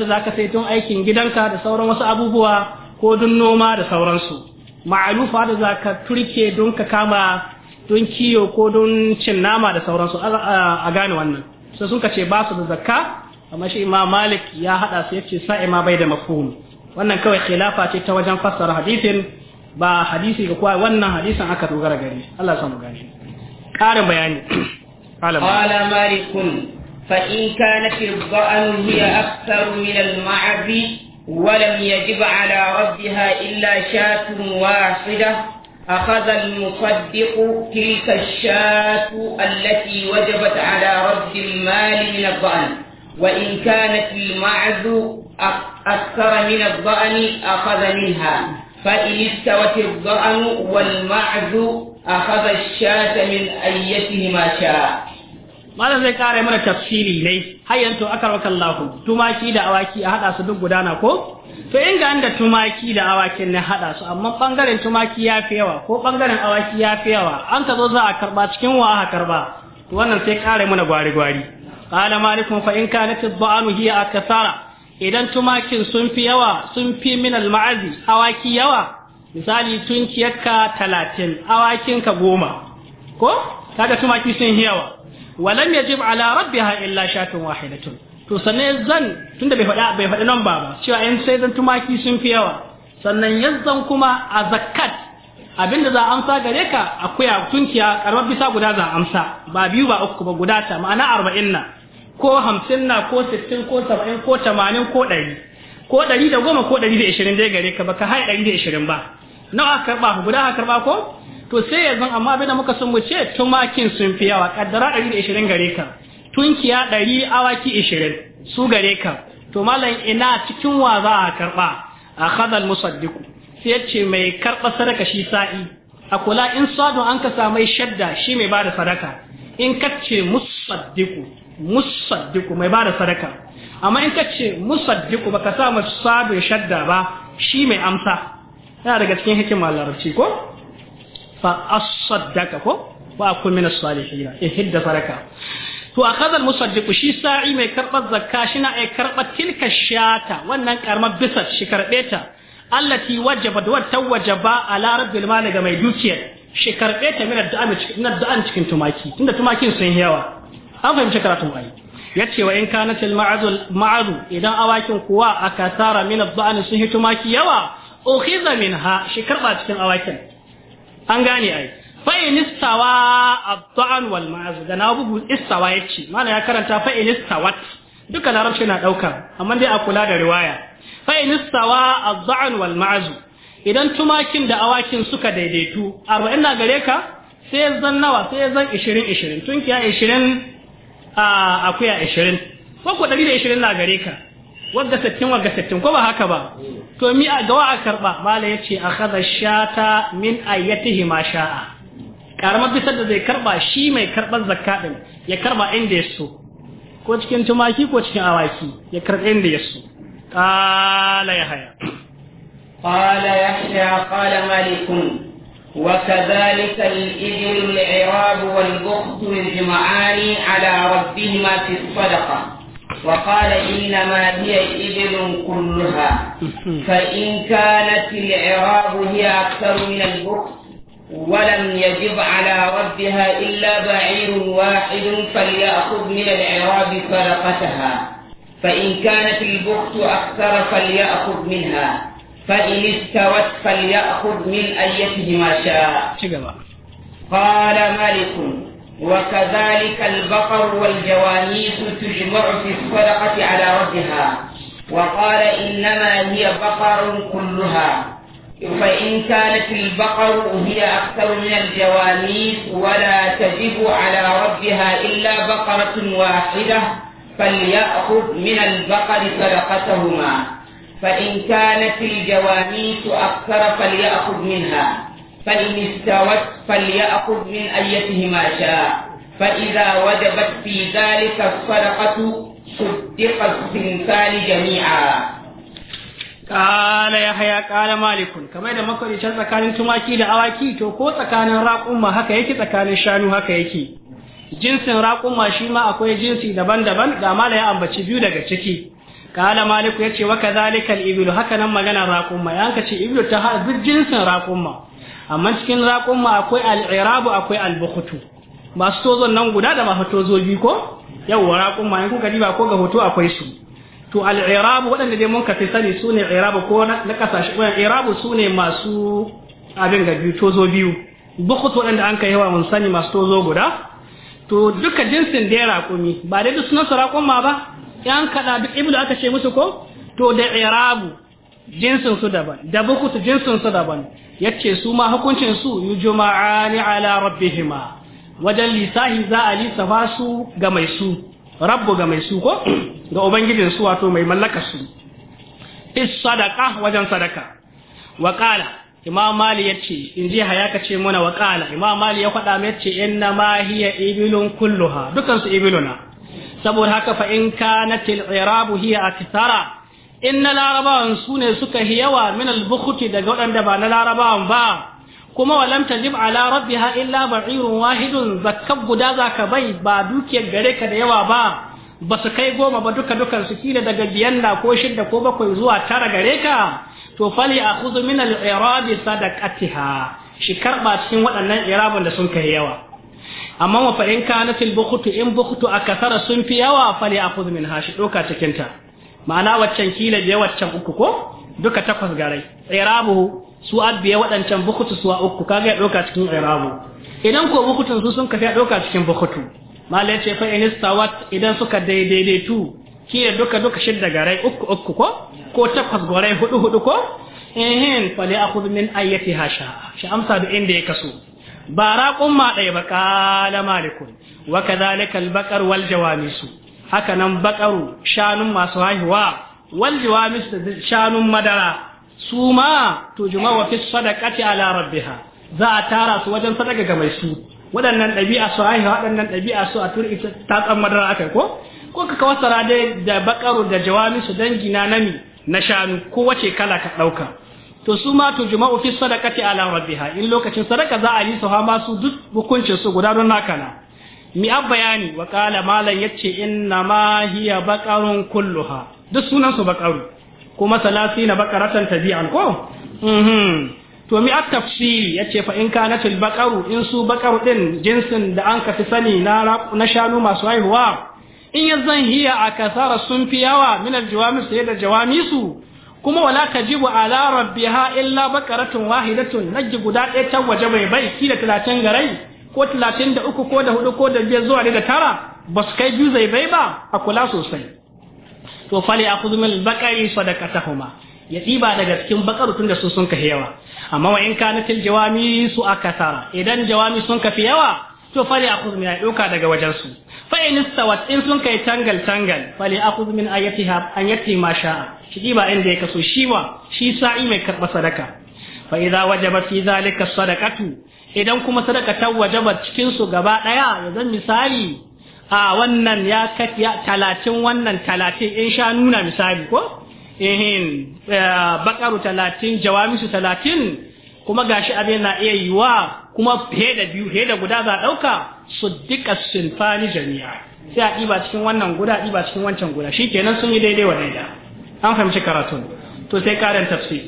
za zaka sai don aikin gidanka da sauran wasu abubuwa ko don noma da sauransu ma'alufa da zaka turke don ka kama don kiyo ko don cin nama da sauransu a gane wannan sai sun ce ba su da zakka amma shi imam malik ya haɗa su yace sa'ima bai da mafhum wannan kawai khilafa ce ta wajen fassara hadisin ba hadisi ga kuwa wannan hadisin aka dogara gari, Allah ya samu ƙarin bayani قال مالك فإن كانت الظأن هي أكثر من المعز ولم يجب على ربها إلا شاة واحدة أخذ المصدق تلك الشاة التي وجبت على رب المال من الظأن وإن كانت المعز أكثر من الظأن أخذ منها فإن استوت الظأن والمعز أخذ الشاة من أيتهما شاء malam zai kare mana tafsiri ne har yanzu aka raka Allah tumaki da awaki a hada su duk gudana ko to in ga da tumaki da awaki ne hada su amma bangaren tumaki ya fi yawa ko bangaren awaki ya fi yawa an ka zo za a karba cikin wa aka karba to wannan sai kare mana gwari gwari qala kuma fa in kanat ad-da'anu hiya akthara idan tumakin sun fi yawa sun fi min alma'azi maazi awaki yawa misali tunkiyarka talatin awakinka goma ko kaga tumaki sun yawa walam yajib ala rabbiha illa shatun wahidatun to sannan zan tunda bai faɗa bai faɗi nan ba ba cewa in sai zan tumaki sun fi yawa sannan yazzan kuma a zakat abinda za amsa gare ka akuya tunkiya karamar bisa guda za a amsa ba biyu ba uku ba guda ta ma'ana arba'in nan. ko hamsin na ko sittin ko saba'in ko tamanin ko ɗari ko ɗari da goma ko ɗari da ishirin dai gare ka ba ka ɗari da ishirin ba nawa aka karɓa guda aka karɓa ko to sai yanzu amma abin da muka sun mu ce tumakin sun fi yawa kaddara ɗari da ishirin gare ka tunkiya ɗari awaki ishirin su gare ka to malam ina cikin wa za a karɓa a hadal musaddiku sai ce mai karɓa sadaka shi sa'i a kula in sadu an ka samai shadda shi mai ba da sadaka in kacce musaddiku musaddiku mai bada sadaka amma in ka ce musaddiku ba ka sa mu sabu shadda ba shi mai amsa yana daga cikin hikimar larabci ko fa ko ba ko wa akun min ya in hidda sadaka to a al musaddiku shi sa'i mai karɓar zakka shi na ai karbar tilka shata wannan karmar bisa shi karɓe ta allati wajaba da wata wajaba a rabbil mali ga mai dukiyar shi karbe ta mina cikin tumaki tunda tumakin sun yawa an fahimci karatun ayi yace wa in kana til ma'adu idan awakin kuwa aka tara min abdan sun hitu maki yawa ukhiza minha shi karba cikin awakin an gane ai fa in istawa abdan wal ma'az da na bugu istawa yace mana ya karanta fa in istawat duka larabci na dauka amma dai a kula da riwaya fa in istawa abdan wal ma'az idan tumakin da awakin suka daidaitu arba'in na gare ka sai zan nawa sai zan 20 20 tunkiya 20 a akuya 20 ko ko 120 na gare ka wagga 60 wagga 60 ko ba haka ba to mi a gawa a karba mala yace akhadha shata min ayatihi ma sha'a karamar bisa da zai karba shi mai karban zakka din ya karba inda ya so ko cikin tumaki ko cikin awaki ya karba inda ya so qala ya haya qala yahya qala malikun وكذلك الإبل العراب والبخت يجمعان على ربهما في الصدقة وقال إنما هي إبل كلها فإن كانت العراب هي أكثر من البخت ولم يجب على ربها إلا بعير واحد فليأخذ من العراب صدقتها فإن كانت البخت أكثر فليأخذ منها فإن استوت فليأخذ من أيتهما شاء قال مالك وكذلك البقر والجوانيس تجمع في الصدقة على ربها وقال إنما هي بقر كلها فإن كانت البقر هي أكثر من الجوانيس ولا تجب على ربها إلا بقرة واحدة فليأخذ من البقر صدقتهما فإن كانت الجواميس أكثر فليأخذ منها فإن استوت فليأخذ من أيتهما شاء فإذا وجبت في ذلك الصدقة صدق الثنتان جميعا Kala ya haya kala malikun kamar da makwaricin tsakanin tumaki da awaki to ko tsakanin raƙumma haka yake tsakanin shanu haka yake jinsin raƙumma shi ma akwai jinsi daban-daban da mala ya ambaci biyu daga ciki kala maliku yace wa kadhalika al-ibilu haka nan magana raqumma ya ka ce ibilu ta har duk jinsin raqumma amma cikin raqumma akwai al akwai al masu tozon nan guda da masu tozo biyu ko yawwa raqumma in kuka diba ko ga hoto akwai su to al waɗanda dai mun ka fi sani sune irabu ko na kasashe ko irabu sune masu abin ga biyu tozo biyu bukhtu waɗanda an kai yawa mun sani masu tozo guda to duka jinsin dai raƙumi ba dai duk sunan raƙumma ba yan kada duk iblu aka ce musu ko to da irabu jinsin su daban da su jinsin su daban yace su ma hukuncin su yujma'ani ala rabbihima wajen lisahi za a lissafa su ga mai su rabbu ga mai su ko [clears throat] ga ubangijin su wato mai mallaka su is sadaka wajen sadaka wa qala imam mali yace in ji hayaka ce muna wa qala imam mali ya faɗa mai yace inna ma hiya ibilun kulluha dukan su ibiluna saboda haka fa in kanat al-i'rabu hiya akthara in larabawan sune suka hiyawa min al-bukhti daga wadanda ba na larabawan ba kuma walam tajib ala rabbiha illa ba'irun wahidun zakkab guda zaka bai ba dukiyar gare ka da yawa ba ba su kai goma ba duka dukan su kila daga biyanna ko shidda ko bakwai zuwa tara gare ka to fali akhudhu min al-i'rabi sadaqatiha shi karba cikin waɗannan i'rabun da sun kai yawa amma wa fa in kanatil bukutu, in a kasara sun fi yawa fali a kuzumin hashi doka cikin ta ma'ana waccan kila je waccan uku ko duka takwas garai tsirabu su abiye wadancan bukutu su a uku kaga ya doka cikin tsirabu idan ko bukutun su sun a doka cikin bukutu, mala yace fa fa’in istawat idan suka daidaidaitu kila duka duka shidda garai uku uku ko ko takwas garai hudu hudu ko ehin fali akhudh min ayati hasha shi amsa da inda ya kaso ba ma ɗaya ba ƙala malikun wa kadhalika al-baqar haka nan baqaru shanun masu haihuwa wal jawamis shanun madara su ma tujuma wa fi sadaqati ala rabbiha za a tara su wajen sadaka ga mai su waɗannan ɗabi'a su haihuwa waɗannan ɗabi'a su a turi ta tsan madara aka ko ko ka kawasara dai da baƙaru da jawamisu dangi na nami na shanu ko wace kala ka ɗauka to su ma juma'u fi sadaqati ala rabbiha in lokacin sadaka za a yi su ma su duk hukuncin su guda don naka na mi abbayani wa qala malan yace inna ma hiya baqarun kulluha duk sunan su baqaru kuma salasina baqaratan tabi'an ko mhm to mi at tafsiri yace fa in kanatul baqaru in su baqaru din jinsin da an ka fi sani na na shanu masu haihuwa in yazan hiya kasara sun fi yawa min aljawamis sai da jawamisu kuma wala tajibu ala rabbiha illa baqaratun wahidatun najji guda ɗaya ta waje bai bai da talatin garai ko talatin da uku ko da hudu ko da biyar zuwa da tara ba su kai biyu zai bai ba a kula sosai to fali akhudhu min al-baqari ya ɗiba daga cikin bakar tun da su sun kafi yawa amma wa in kana til jawami su tara idan jawami sun kafi yawa to fali kudu min ya ɗauka daga wajen su fa in istawat in sun kai tangal tangal fali akhudh min ayatiha an yati ma sha'a shi ba inda ya kaso shi wa shi sa'i mai karba sadaka fa idza wajaba fi zalika sadaqatu idan kuma sadaka ta wajaba cikin su gaba daya ya zan misali a wannan ya kat talatin wannan 30 in sha nuna misali ko ehin eh, bakaru 30 jawamisu 30 kuma gashi abin na iya yiwa kuma he da biyu he da guda za a ɗauka su duka sinfani jami'a sai a ɗiba cikin wannan guda a ɗiba cikin wancan guda shi kenan sun yi daidai wa daida an fahimci karatun to sai karin tafsir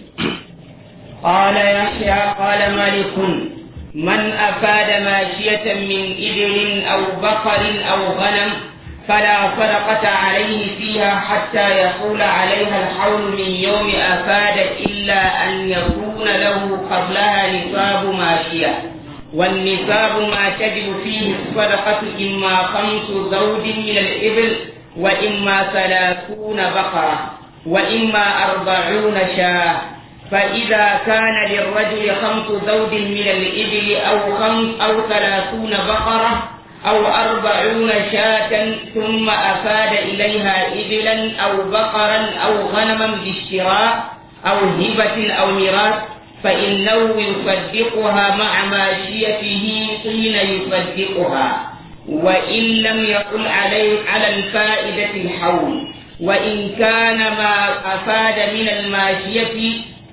قال يحيى قال مالك من أفاد ماشية من إبل أو بقر أو غنم فلا صدقة عليه فيها حتى يحول عليها الحول من يوم أفادت إلا أن يكون له قبلها نصاب ماشية والنصاب ما تجب فيه الصدقة إما خمس زوج من الإبل وإما ثلاثون بقرة وإما أربعون شاة فإذا كان للرجل خمس زوج من الإبل أو خمس أو ثلاثون بقرة أو أربعون شاة ثم أفاد إليها إبلا أو بقرا أو غنما باشتراء أو هبة أو ميراث فإنه يصدقها مع ماشيته حين يصدقها وإن لم يقل عليه على الفائدة الحول وإن كان ما أفاد من الماشية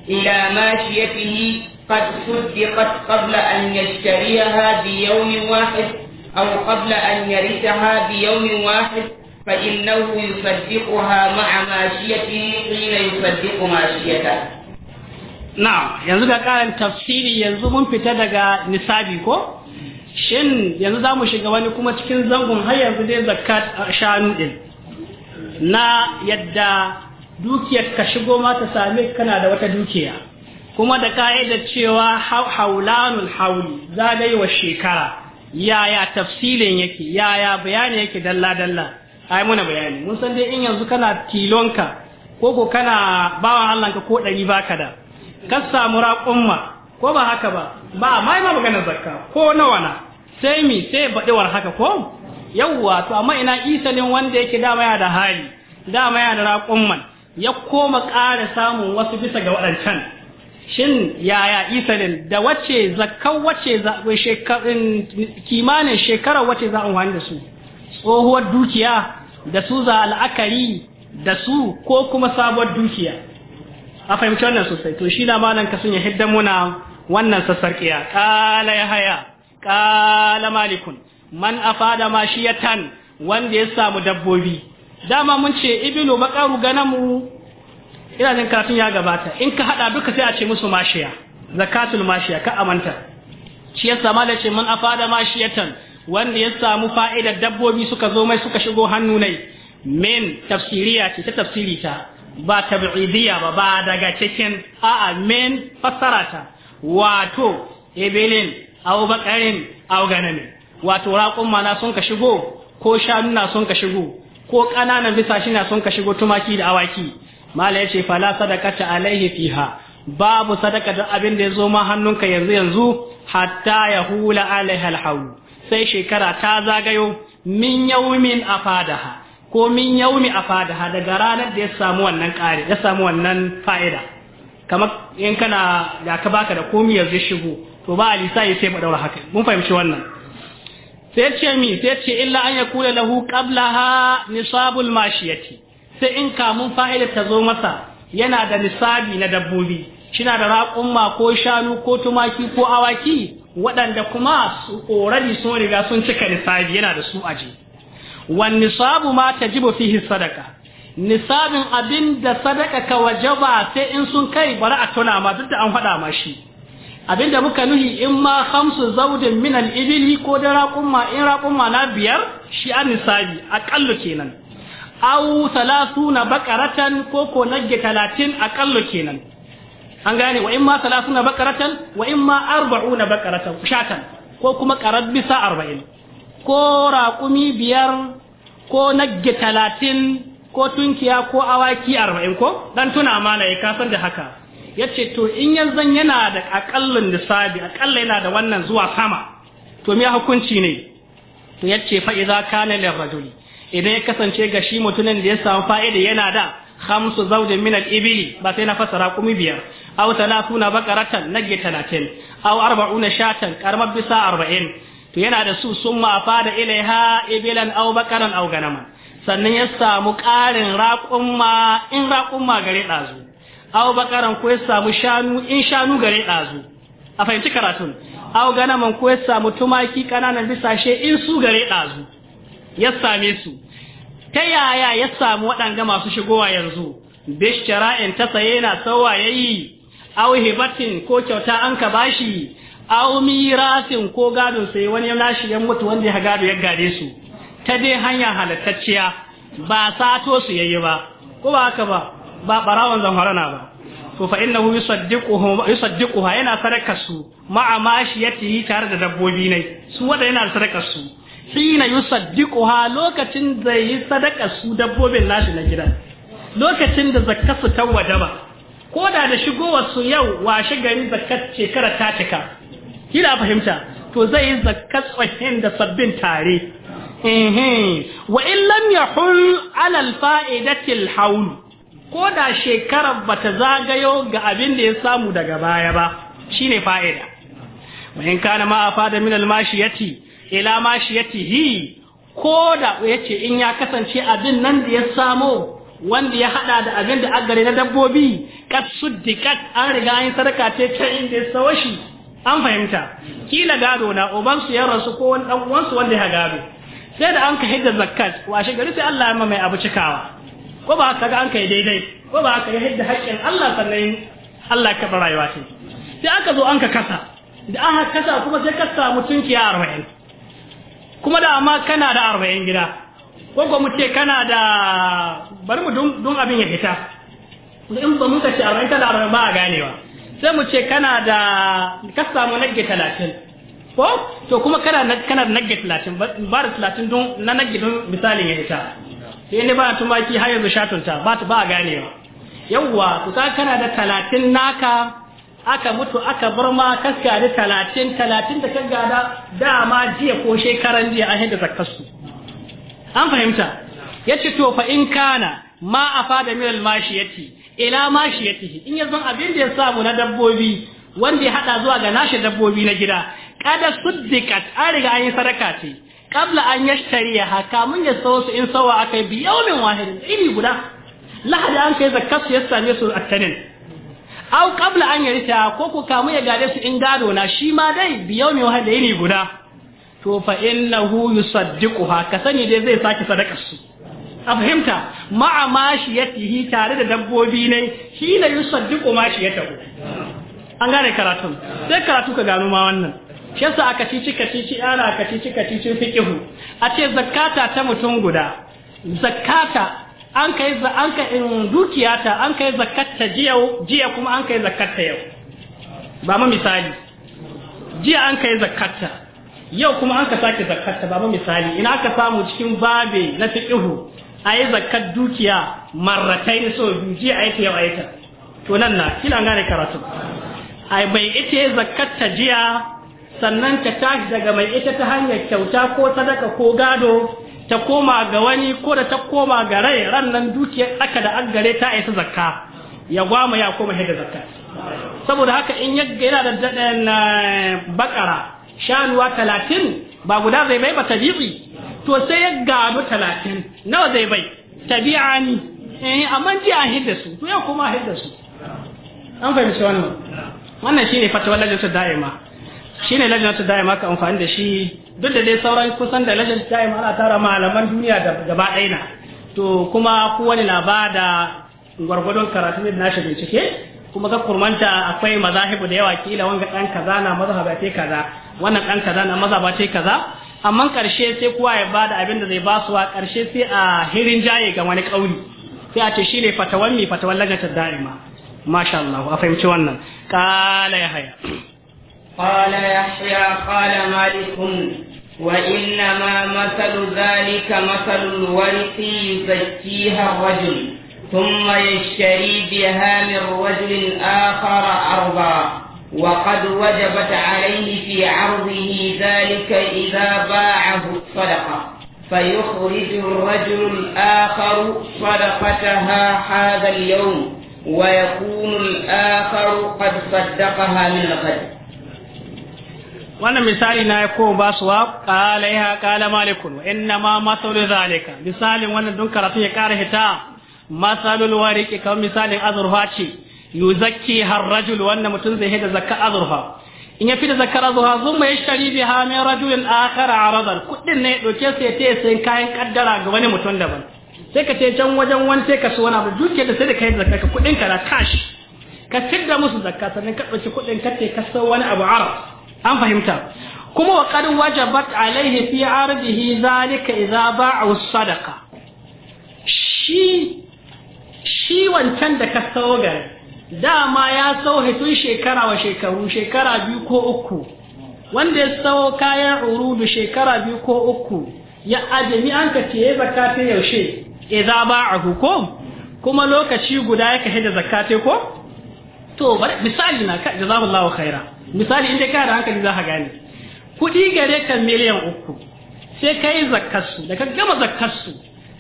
إلى ماشيته قد صدقت قبل أن يشتريها بيوم واحد أو قبل أن يرثها بيوم واحد فإنه يصدقها مع ماشيته حين يصدق ماشيته na yanzu ga karin tafsiri yanzu mun fita daga nisabi ko shin yanzu za mu shiga wani kuma cikin zangon har yanzu dai zakat shanu din na yadda dukiyar ka shigo ma ta same kana da wata dukiya kuma da ka'idar cewa haulanul hauli wa shekara yaya tafsilin yake yaya bayani yake dalla dalla ai muna bayani mun san dai in yanzu kana tilonka ko ko kana bawan Allah ka ko ɗari baka da kasa samu raƙumma ko ba haka ba ba amma ma maganar zakka ko nawa na sai mi sai baɗewar haka ko yawwa to amma ina ne wanda yake dama ya da hali dama ya da raƙumman ya koma ƙara samun wasu bisa ga waɗancan shin yaya ne da wace zakkan wace za kimanin shekarar wace za a wani da su tsohuwar dukiya da su za al'akari da su ko kuma sabuwar dukiya a fahimci wannan sosai to shi na malan ka sun ya hidda muna wannan sassarƙiya ƙala ya haya ƙala malikun man afada ma wanda ya samu dabbobi dama mun ce ibnu maqaru ganamu ina jin karatun ya gabata in ka hada duka sai a ce musu mashiya zakatul mashiya ka amanta shi yasa malan ce man afada mashiyatan wanda ya samu fa'idar dabbobi suka zo mai suka shigo hannu nai min tafsiriya ce ta tafsiri ta ba tab'idiyya ba ba daga cikin a'a min fassarata wato ebelin aw bakarin aw ganami wato raƙon mana sun ka shigo ko shanuna sun ka shigo ko ƙananan bisashi na sun ka shigo tumaki da awaki mala yace fala sadaqata alaihi fiha babu sadaka da abin da ya zo ma hannunka yanzu yanzu hatta ya hula alaiha alhawl sai shekara ta zagayo min yawmin afadaha ko min yaumi fadaha daga ranar da ya samu wannan ƙari ya samu wannan fa'ida kamar in kana da ka baka da komi zai shigo to ba a lisayi sai mu daura haka mun fahimci wannan sai ce mi sai ce illa an ya kula lahu ha nisabul mashiyati sai in kamun fa'ida ta zo masa yana da nisabi na dabbobi shina da raƙumma ko shanu ko tumaki ko awaki waɗanda kuma su ƙorari sun riga sun cika nisabi yana da su aji wan nisabu ma tajibu fihi sadaka nisabin abin da sadaka ka wajaba sai in sun kai bari a tuna ma duk da an faɗa ma shi abin da muka nuhi in ma khamsu zaudin min al-ibili ko da raqumma in raqumma na biyar shi an nisabi aqallu kenan aw 30 baqaratan ko ko nagge 30 aqallu kenan an gane wa in ma 30 baqaratan wa in ma 40 baqaratan shatan ko kuma qarab bisa 40 ko raƙumi biyar ko nagge talatin ko tunkiya ko awaki arba'in ko dan tuna amana ya eh, kasan da haka ya ce to in yanzu yana da akallin lissabi akalla yana da wannan zuwa sama to me hukunci ne to ya ce fa'iza kana lirrajuli idan ya kasance ga shi mutumin da ya samu fa'ida yana da hamsu zaudin min al-ibili ba sai na fasara kumi biyar aw talatuna baqaratan nagge talatin aw arba'una shatan karamar bisa arba'in to yana da su sun mafa da ilaiha ibilan au bakaran au ganama sannan ya samu ƙarin raƙumma in raƙumma gare ɗazu au bakaran ko ya samu shanu in shanu gare ɗazu a fahimci karatun au ganaman ko ya samu tumaki ƙananan bisashe in su gare ɗazu ya same su ta yaya ya samu waɗanga masu shigowa yanzu in ta saye na sauwa yayi au hibatin ko kyauta an ka bashi aw mirasin ko gadon sai wani ya nashi ya mutu wanda ya gado ya gade su ta dai hanya halattacciya ba sato su yayi ba ko ba haka ba ba barawan zanharana ba to fa innahu yusaddiquhu yusaddiquha yana sadaka su ma'a mashiyatihi tare da dabbobi ne su wanda yana sadaka su hina yusaddiquha lokacin da yi sadaka su dabbobin nashi na gidan lokacin da zakkasu ta wajaba ko da da shigowar su yau washe garin zakat shekara ta cika kila fahimta to zai zakka tsohin da sabbin tare wa in lam yahul ala alfa'idati haul ko da shekarar bata zagayo ga abin da ya samu daga baya ba shine fa'ida wa kana ma afada min almashiyati ila mashiyatihi ko da yace in ya kasance abin nan da ya samo wanda ya hada da abin da agare na dabbobi kasuddikat an riga an sadaka ta inda ya sawo shi an fahimta kila gado na su yaran rasu ko wani dan uwansu wanda ya gado sai da an ka hidda zakat washe gari sai Allah ya mai abu cikawa ko ba haka ga an kai daidai ko ba haka ya hidda haƙƙin Allah sannan Allah ka bar rayuwa ce sai aka zo an ka kasa da aka kasa kuma sai ka samu ya 40 kuma da amma kana da 40 gida ko ko mu ce kana da bari mu dun abin ya fita in ba mun ka ce 40 kana da 40 ba a ganewa sai mu ce kana da ka samu nagge talatin ko to kuma kana kana da nagge talatin ba da talatin don na nagge don misalin ya ita sai ne ba tumaki har yanzu shatunta ba ta ba ganewa yawwa to ka kana da talatin naka aka mutu aka bar ma kaska da talatin talatin da kan gada dama jiya ko shekaran jiya an hinda zakarsu an fahimta yace to fa in kana ma afada min al mashiyati ila ma shi yake in yanzu abin da ya samu na dabbobi wanda ya hada zuwa ga nashi dabbobi na gida kada suddikat an riga an yi sadaka ce qabla an yashtariya haka mun ya sawo su in sawa akai bi yawmin wahid iri guda lahadi an kai zakka su ya same su attanin aw qabla an yarita ko ku kamu ya gare su in gado na shi ma dai bi yawmin wahid iri guda to fa innahu yusaddiquha ka sani dai zai saki sadakar su a fahimta ma'a mashiyatihi tare da dabbobi ne shi na ya mashiyatahu an gane karatun sai karatu ka gano ma wannan shi a aka ci cika ci ana aka ci cika ci a ce zakata ta mutum guda zakata an kai an kai dukiya ta an kai zakatta jiya jiya kuma an kai zakatta yau ba ma misali jiya an kai zakatta yau kuma an ka sake zakatta ba ma misali ina aka samu cikin babe na fiƙihu. a yi zakar dukiya marratai da so duji a yake yawa ita to nan na kila gane karatu a bai ita zakkar ta jiya sannan ta tashi daga mai ita ta hanyar kyauta ko sadaka ko gado ta koma ga wani ko da ta koma ga rai ran nan dukiyar tsaka da an gare ta isa zakka ya gwama ya koma hidda zakka saboda haka in ya yana da bakara shanuwa talatin ba guda zai mai ba tabi'i to sai ya gabu talatin nawa zai bai tabi'a ni eh amma ji a hidda su to yau kuma hidda su an fahimci wannan wannan shine fatawar lajinsu da'ima shine lajinsu da'ima ka amfani da shi duk da dai sauran kusan da lajinsu da'ima ana tara malaman duniya da gaba ɗaya na to kuma kowane na ba da gwargwadon karatu ne na shi bincike kuma ga kurmanta akwai mazahibu da yawa kila wanga dan kaza na mazhabate kaza wannan dan kaza na mazhabate kaza amma karshe sai kowa ya bada abin da zai ba su wa karshe sai a hirin jaye ga wani kauli sai a ce shi ne fatawan mi fatawan lagatar da'ima masha Allah a fahimci wannan qala ya haya ya haya qala malikun وإنما Masalu ذلك zaki har wajen tun mai يشتري biya من wajen آخر arba. وقد وجبت عليه في عرضه ذلك إذا باعه الصدقة فيخرج الرجل الآخر صدقتها هذا اليوم ويكون الآخر قد صدقها من الغد wannan misali na ya koma basuwa kala ya kala malikun wa inna ma masalu zalika misalin wannan dun karatu ya kara hita masalul wariki kamar misalin azurfa ce yuzakki har rajul wannan mutum zai hida zakka azurfa in ya fita zakar azurfa zun mai shari bi ha min rajulin akhar aradan kudin ne doke sai ta sai kayan kaddara ga wani mutum daban sai ka ce can wajen wance ka so wani abu duke da sai da kai zakka ka kudin ka na cash ka cidda musu zakka sannan ka dauki kudin ka ce ka sau wani abu arab an fahimta kuma wa qad wajabat alaihi fi ardihi zalika idza ba'a sadaqa shi shi wancan da ka sau gari dama ya sauhe tun shekara wa shekaru shekara biyu ko uku wanda ya tsawo kayan urudu shekara biyu ko uku ya ajami an ka ce zakka ta yaushe ba a ko kuma lokaci guda ya kashe da zakka ko to misali na ka jazakallahu khaira misali inda ka da hankali za ka gane kudi gare ka miliyan uku sai ka yi zakkarsu da ka gama zakkarsu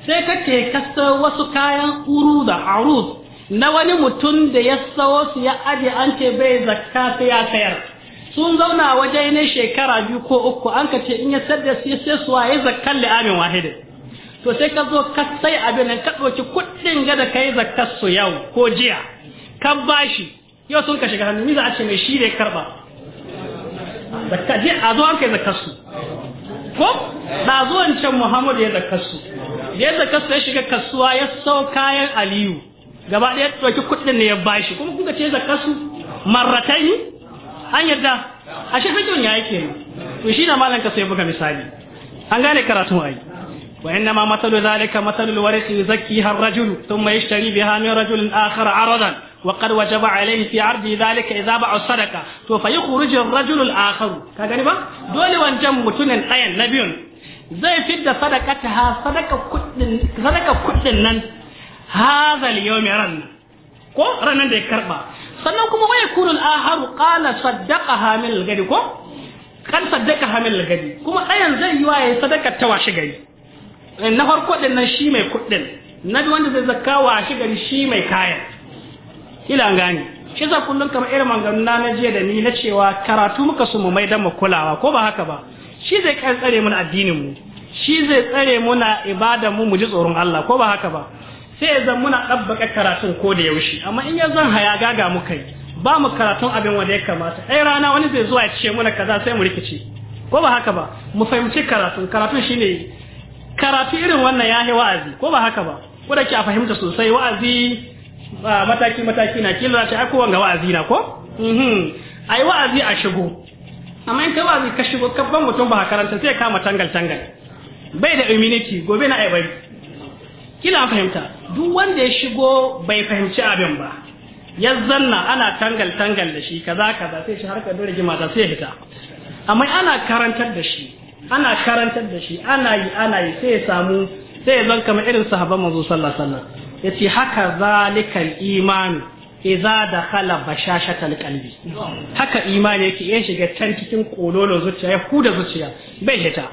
sai ka ce ka wasu kayan uru da arus. na wani mutum da ya sawo su ya aje an ce bai zakka sai ya sayar sun zauna waje ne shekara biyu ko uku an ka ce in ya sayar da su ya sai su waye zakkan li'amin wahidin to sai ka zo ka sai abin nan ka ɗauki kuɗin ga da ka yi zakkar su yau ko jiya ka bashi yau sun ka shiga hannu ni za a ce mai shi ne karɓa zakka a zo an kai zakkar su ko da zuwan can muhammadu ya zakkar su da ya zakkar su ya shiga kasuwa ya sau kayan aliyu gaba ɗaya ɗauki kuɗin ne ya bashi kuma kuka ce zakasu su marratai an yadda a shafin ya yake to shi na malanka sai buga misali an gane karatun ai wa inna ma matalu zalika matalu warisi yuzakki har rajul thumma yashtari biha min rajulin akhar aradan wa qad wajaba alayhi fi ardi zalika idza ba'a sadaqa to fa yukhruju ar-rajulu al-akhar ka gani ba dole wancan mutumin ɗayan na biyun zai fidda sadaqataha sadaqa kuɗin sadaka kuɗin nan hazal yawmi ran ko nan da ya karɓa? sannan kuma waya kunul aharu qala saddaqaha hamil gadi ko kan saddaqaha Hamil gadi kuma ɗayan zai yi waye sadaka ta washi gari na farko din nan shi mai kuɗin na wanda zai zakka washi gari shi mai kayan Ila gani shi za kullum kamar irin maganganu na jiya da ni na cewa karatu muka su mu mai da mu kulawa ko ba haka ba shi zai tsare mana addinin mu shi zai tsare muna ibada mu mu ji tsoron Allah ko ba haka ba sai ya zan muna ɗabbaka karatun ko da yaushe amma in ya zan haya gaga muka yi ba mu karatun abin wanda ya kamata ɗaya rana wani zai zuwa ya ce muna kaza sai mu rikice ko ba haka ba mu fahimci karatun karatun shine karatu irin wannan ya yi wa'azi ko ba haka ba ko da ke a fahimta sosai wa'azi mataki mataki na kila ta ko wanga wa'azi na ko mhm. ai wa'azi a shigo amma in kai wa'azi ka shigo ban mutum ba karanta sai kama tangal tangal bai da immunity gobe na ai bai kila fahimta duk wanda ya shigo bai fahimci abin ba ya zanna ana tangal tangal da shi kaza kaza sai shi harkar dole jima ta sai hita amma ana karantar da shi ana karantar da shi ana yi ana yi sai ya samu sai ya zan kamar irin sahaban manzo sallallahu alaihi wasallam yace haka zalikal iman idza da bashashatal qalbi haka imani yake ya shiga can cikin kololo zuciya ya huda zuciya bai hita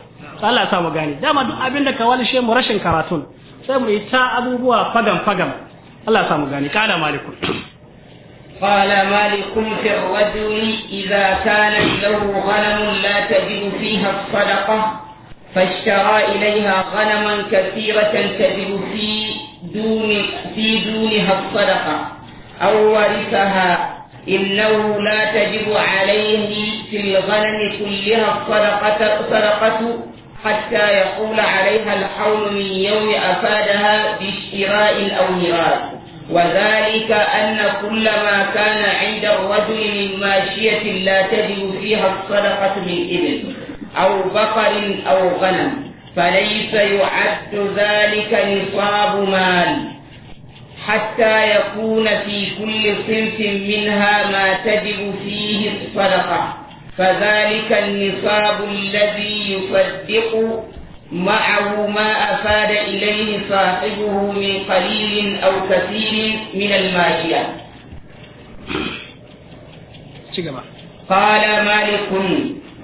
Allah ya sa mu dama duk abin da ka walshe mu rashin karatun sai mu yi ta abubuwa fagan fagan Allah samu gani kana malikun قال مالك في الرجل إذا كانت له غنم لا تجد فيها الصدقة فاشترى إليها غنما كثيرة تجد في دون في دونها الصدقة أو ورثها إنه لا تجب عليه في الغنم كلها الصدقة صدقة حتى يقول عليها الحول من يوم أفادها بشراء أو ميراث وذلك أن كل ما كان عند الرجل من ماشية لا تجد فيها الصدقة من إبل أو بقر أو غنم فليس يعد ذلك نصاب مال حتى يكون في كل صنف منها ما تجب فيه الصدقة فذلك النصاب الذي يصدق معه ما أفاد إليه صاحبه من قليل أو كثير من الماشية قال مالك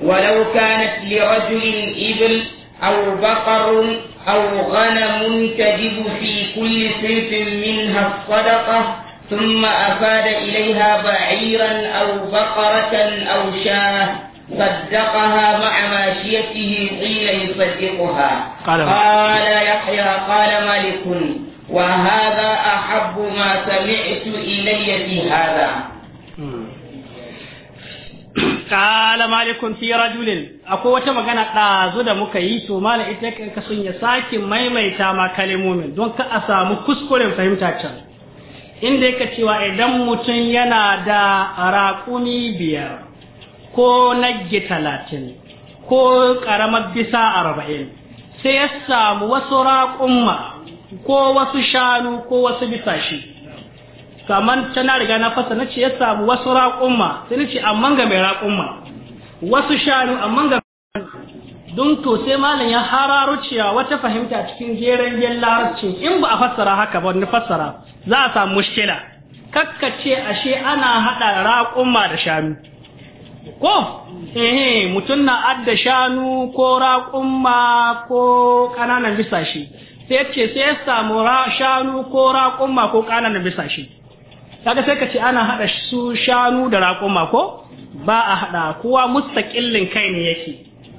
ولو كانت لرجل إبل أو بقر أو غنم تجب في كل صنف منها الصدقة ثم أفاد إليها بعيرا أو بقرة أو شاه صدقها مع ماشيته قيل يصدقها قال, قال يحيى قال مالك وهذا أحب ما سمعت إلي في هذا قال مالك في رجل akwai wata magana ɗazu da muka yi to mala ita ka sun ya sake maimaita ma kalmomin don ka a kuskuren fahimta can inda yake cewa idan mutum yana da raƙumi biyar ko nagge talatin ko ƙaramar bisa arba'in sai ya samu wasu raƙumma ko wasu shanu ko wasu bisashi kamar tana riga na fasa na ce ya samu wasu raƙumma sai na ce amman ga mai raƙumma wasu shanu amman ga don to sai malam ya hararo cewa wata fahimta cikin jeren yin larabcin in ba a fassara haka ba wani fassara za a samu mushkila kakkace ashe ana hada raƙuma da shanu ko ehe mutum na adda shanu ko raƙumma ko ƙananan bisashe sai ce sai ya samu shanu ko raƙuma ko ƙananan bisashe kaga sai ka ce ana hada su shanu da raƙuma ko ba a hada kowa mustaƙillin kai ne yake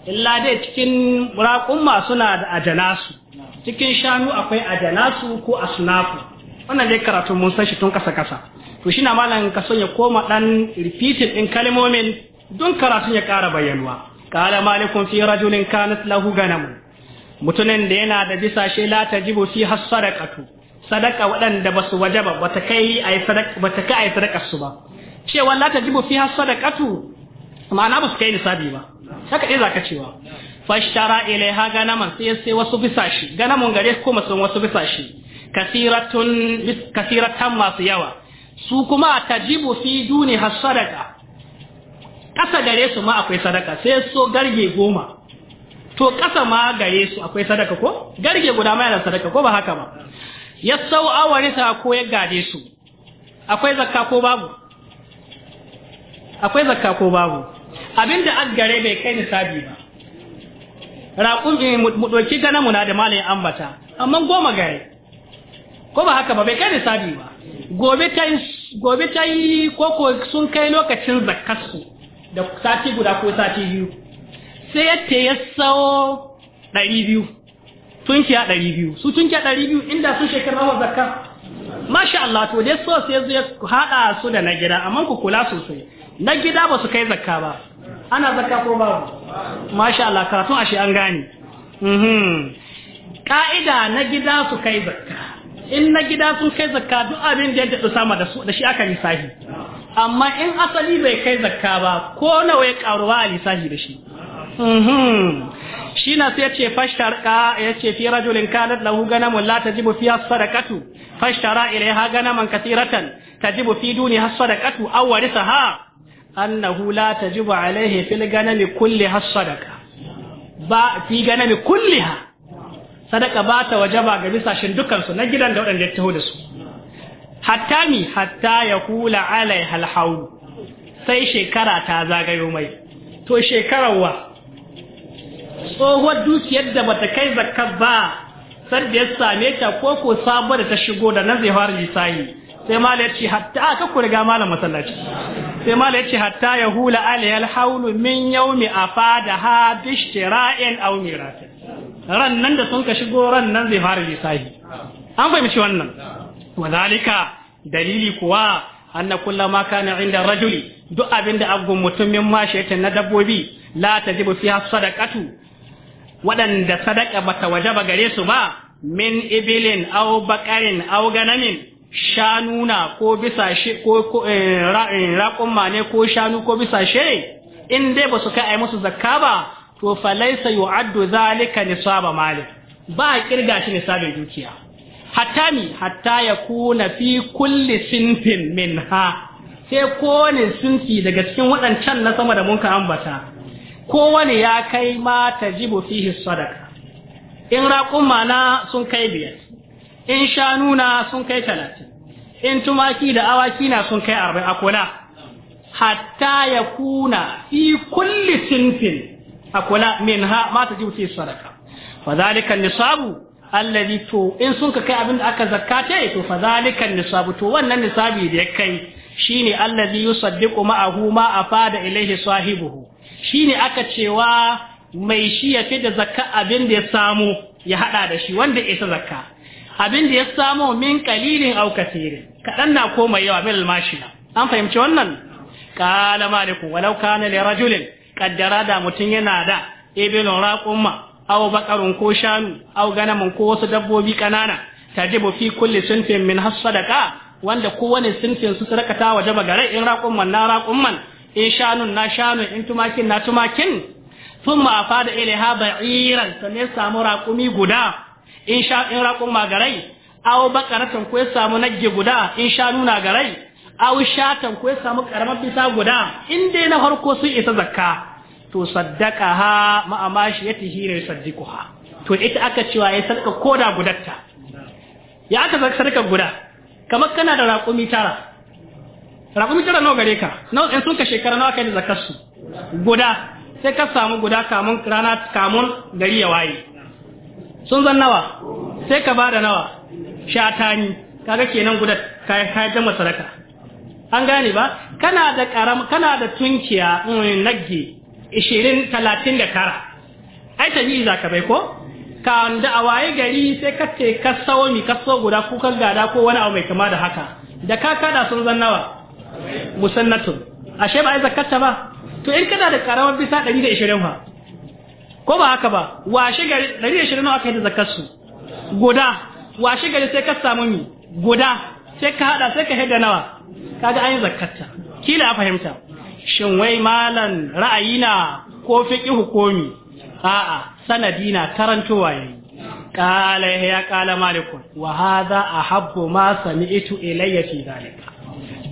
illa dai cikin raƙuma suna da ajanasu cikin shanu akwai ajanasu ko asunafu wannan dai karatu mun san shi tun kasa kasa to shi na malam ka sanya ya koma dan repeating din kalmomin don karatun ya ƙara bayanuwa kala malikun fi rajulin kanat lahu ganam mutumin da yana da bisashe la tajibu fi hasadaqatu sadaka waɗanda basu wajaba bata kai ai sadaka bata kai ai sadaka su ba cewa la tajibu fi hasadaqatu ma'ana basu kai ni sabi ba haka dai zaka cewa fashtara ilaiha ganam sai sai wasu bisashe ganamun gare ko masu wasu bisashe kasiratun kasiratan masu yawa su kuma tajibu fi duni hasadaka ƙasa gare su ma akwai sadaka sai so garge goma to ƙasa ma gare su akwai sadaka ko garge guda ma yana sadaka ko ba haka ba ya sau awarisa ko ya gade su akwai zakka ko babu akwai zakka ko babu abinda an gare bai kai nisabi ba raƙun mu ɗauki gana muna da malayin ambata amma goma gare ko ba haka ba bai kai nisabi ba gobe ta yi koko sun kai lokacin zakasu da sati guda ko sati biyu sai yadda ya sawo ɗari biyu tunkiya ɗari biyu su tunkiya ɗari biyu inda sun shekar nawa zakka masha Allah to dai so sai zai haɗa su da na gida amma ku kula sosai na gida ba su kai zakka ba ana zakka ko ba masha Allah karatun ashe an gane ƙa'ida mhm. na gida su kai zakka in na gida sun kai zakka duk abin da ya daɗu sama da su da shi aka lissafi amma in asali bai kai zakka ba ko nawa ya karuwa a lissafi da shi mhm. shi na sai ya ce fashtarka ya ce fi rajulin kanat lahu ganamun la tajibu fiha sadaqatu fashtara ilaiha ganaman katiratan tajibu fi duniha sadaqatu aw warisaha annahu la tajibu alaihi fil ganami kulliha sadaqa ba fi ganami ha. sadaka ba ta wajaba ga bisa bisashin dukansu na gidan da waɗanda ya taho da su hatta mi hatta ya kula alai halhau sai shekara ta zagayo mai to shekarar wa tsohuwar dukiyar da bata kai zakka ba sanda ya same ta ko ko sabo da ta shigo da nan zai fara lisani sai mala ya ce hatta aka ku riga malam masallaci sai mala ya ce hatta ya hula alai halhau min fada ha bishtira'in aw miratin ran nan da sun ka shigo ran nan zai fara lissafi an fahimci wannan wazalika dalili kuwa anna kullama kana inda rajuli duk abinda abgun mutumin ma shaitan na dabbobi la tajibu fiha sadaqatu waɗanda sadaka bata wajaba gare su ba min ibilin aw bakarin aw ganamin shanuna ko bisashe ko eh, eh, raƙumma ne ko shanu ko bisashe in dai ba su kai musu zakka ba to laysa yu'addu zalika nisaba mali ba a kirga shi nisabin dukiya hatta mi hatta ya kuna fi kulli sinfin minha sai ko ne sinfi daga cikin waɗancan na sama da mun ka ambata wani ya kai ma tajibu fihi sadaka in raqum na sun kai biyar in shanuna sun kai talatin in tumaki da awaki na sun kai arba'in a kula hatta ya kuna fi kulli sinfin a kula min ha ma ta jibu sadaka fa zalika nisabu alladhi to in sun ka kai abin da aka zakata to fa zalika nisabu to wannan nisabi da ya kai shine alladhi yusaddiqu ma'ahu ma afada ilayhi sahibuhu shine aka cewa mai shi ya fi da zakka abin da ya samu ya hada da shi wanda isa zakka abin da ya samu min kalilin aw kasirin kadan na komai yawa min mashina an fahimci wannan qala maliku walau kana li kaddara da mutum yana da ibilun raƙumma aw bakarun ko shanu aw ganamin ko wasu dabbobi kanana tajibu fi kulli sunfin min hasadaka wanda kowane sunfin su sarkata wajaba gare in raƙumman na raƙumman in shanun na shanun in tumakin na tumakin ma thumma afada ilaiha ba'iran ne samu raƙumi guda in sha in raƙumma garai aw bakaratan ko ya samu nagge guda in shanu na garai aw shatan ko ya samu karamar bisa guda in dai na farko sun isa zakka to ha saddaqaha ma'a mashiyatihi saddiku ha. to ita aka cewa ya sarka koda gudatta ya aka sarka guda kamar kana da raƙumi tara raƙumi tara nawa gare ka nawa in sun ka shekara nawa kai da zakar su guda sai ka samu guda kamun rana kamun gari ya waye sun zan nawa sai ka ba da nawa shatani kaga kenan guda kai kai da masaraka an gane ba kana da karam kana da tunkiya mm, nagge ishirin talatin da tara ai ta yi za ka bai ko ka da a waye gari sai ka ce ka sawo mi ka so guda ko ka gada ko wani abu mai kama da haka da ka kada sun zan nawa musannatun ashe ba ai zakarta ba to in kana da karamar bisa 120 fa ko ba haka ba washe gari 120 nawa yi da zakar su guda washe gari sai ka samu mi guda sai ka hada sai ka hada nawa kaga an yi zakarta kila a fahimta shin wai malan ra'ayi na ko fiƙi hukumi a'a sanadi na karantowa yayi qala ya qala malikun wa hadha ahabbu ma sami'tu ilayya fi zalika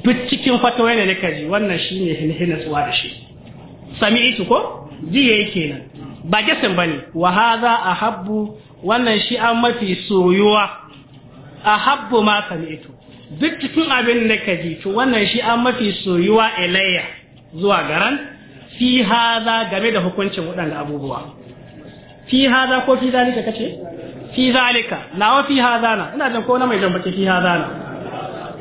duk cikin fatawa ne nika ji wannan shine hinhina tsuwa da shi sami'tu ko ji yayi kenan ba gasan bane wa hadha ahabbu wannan shi an mafi soyuwa ahabbu ma sami'tu duk cikin abin da ka ji to wannan shi an mafi soyuwa ilayya zuwa garan fi haza game da hukuncin waɗanda abubuwa fi haza ko fi zalika kace fi zalika nawa fi haza na ina jin ko na mai jambaki fi haza na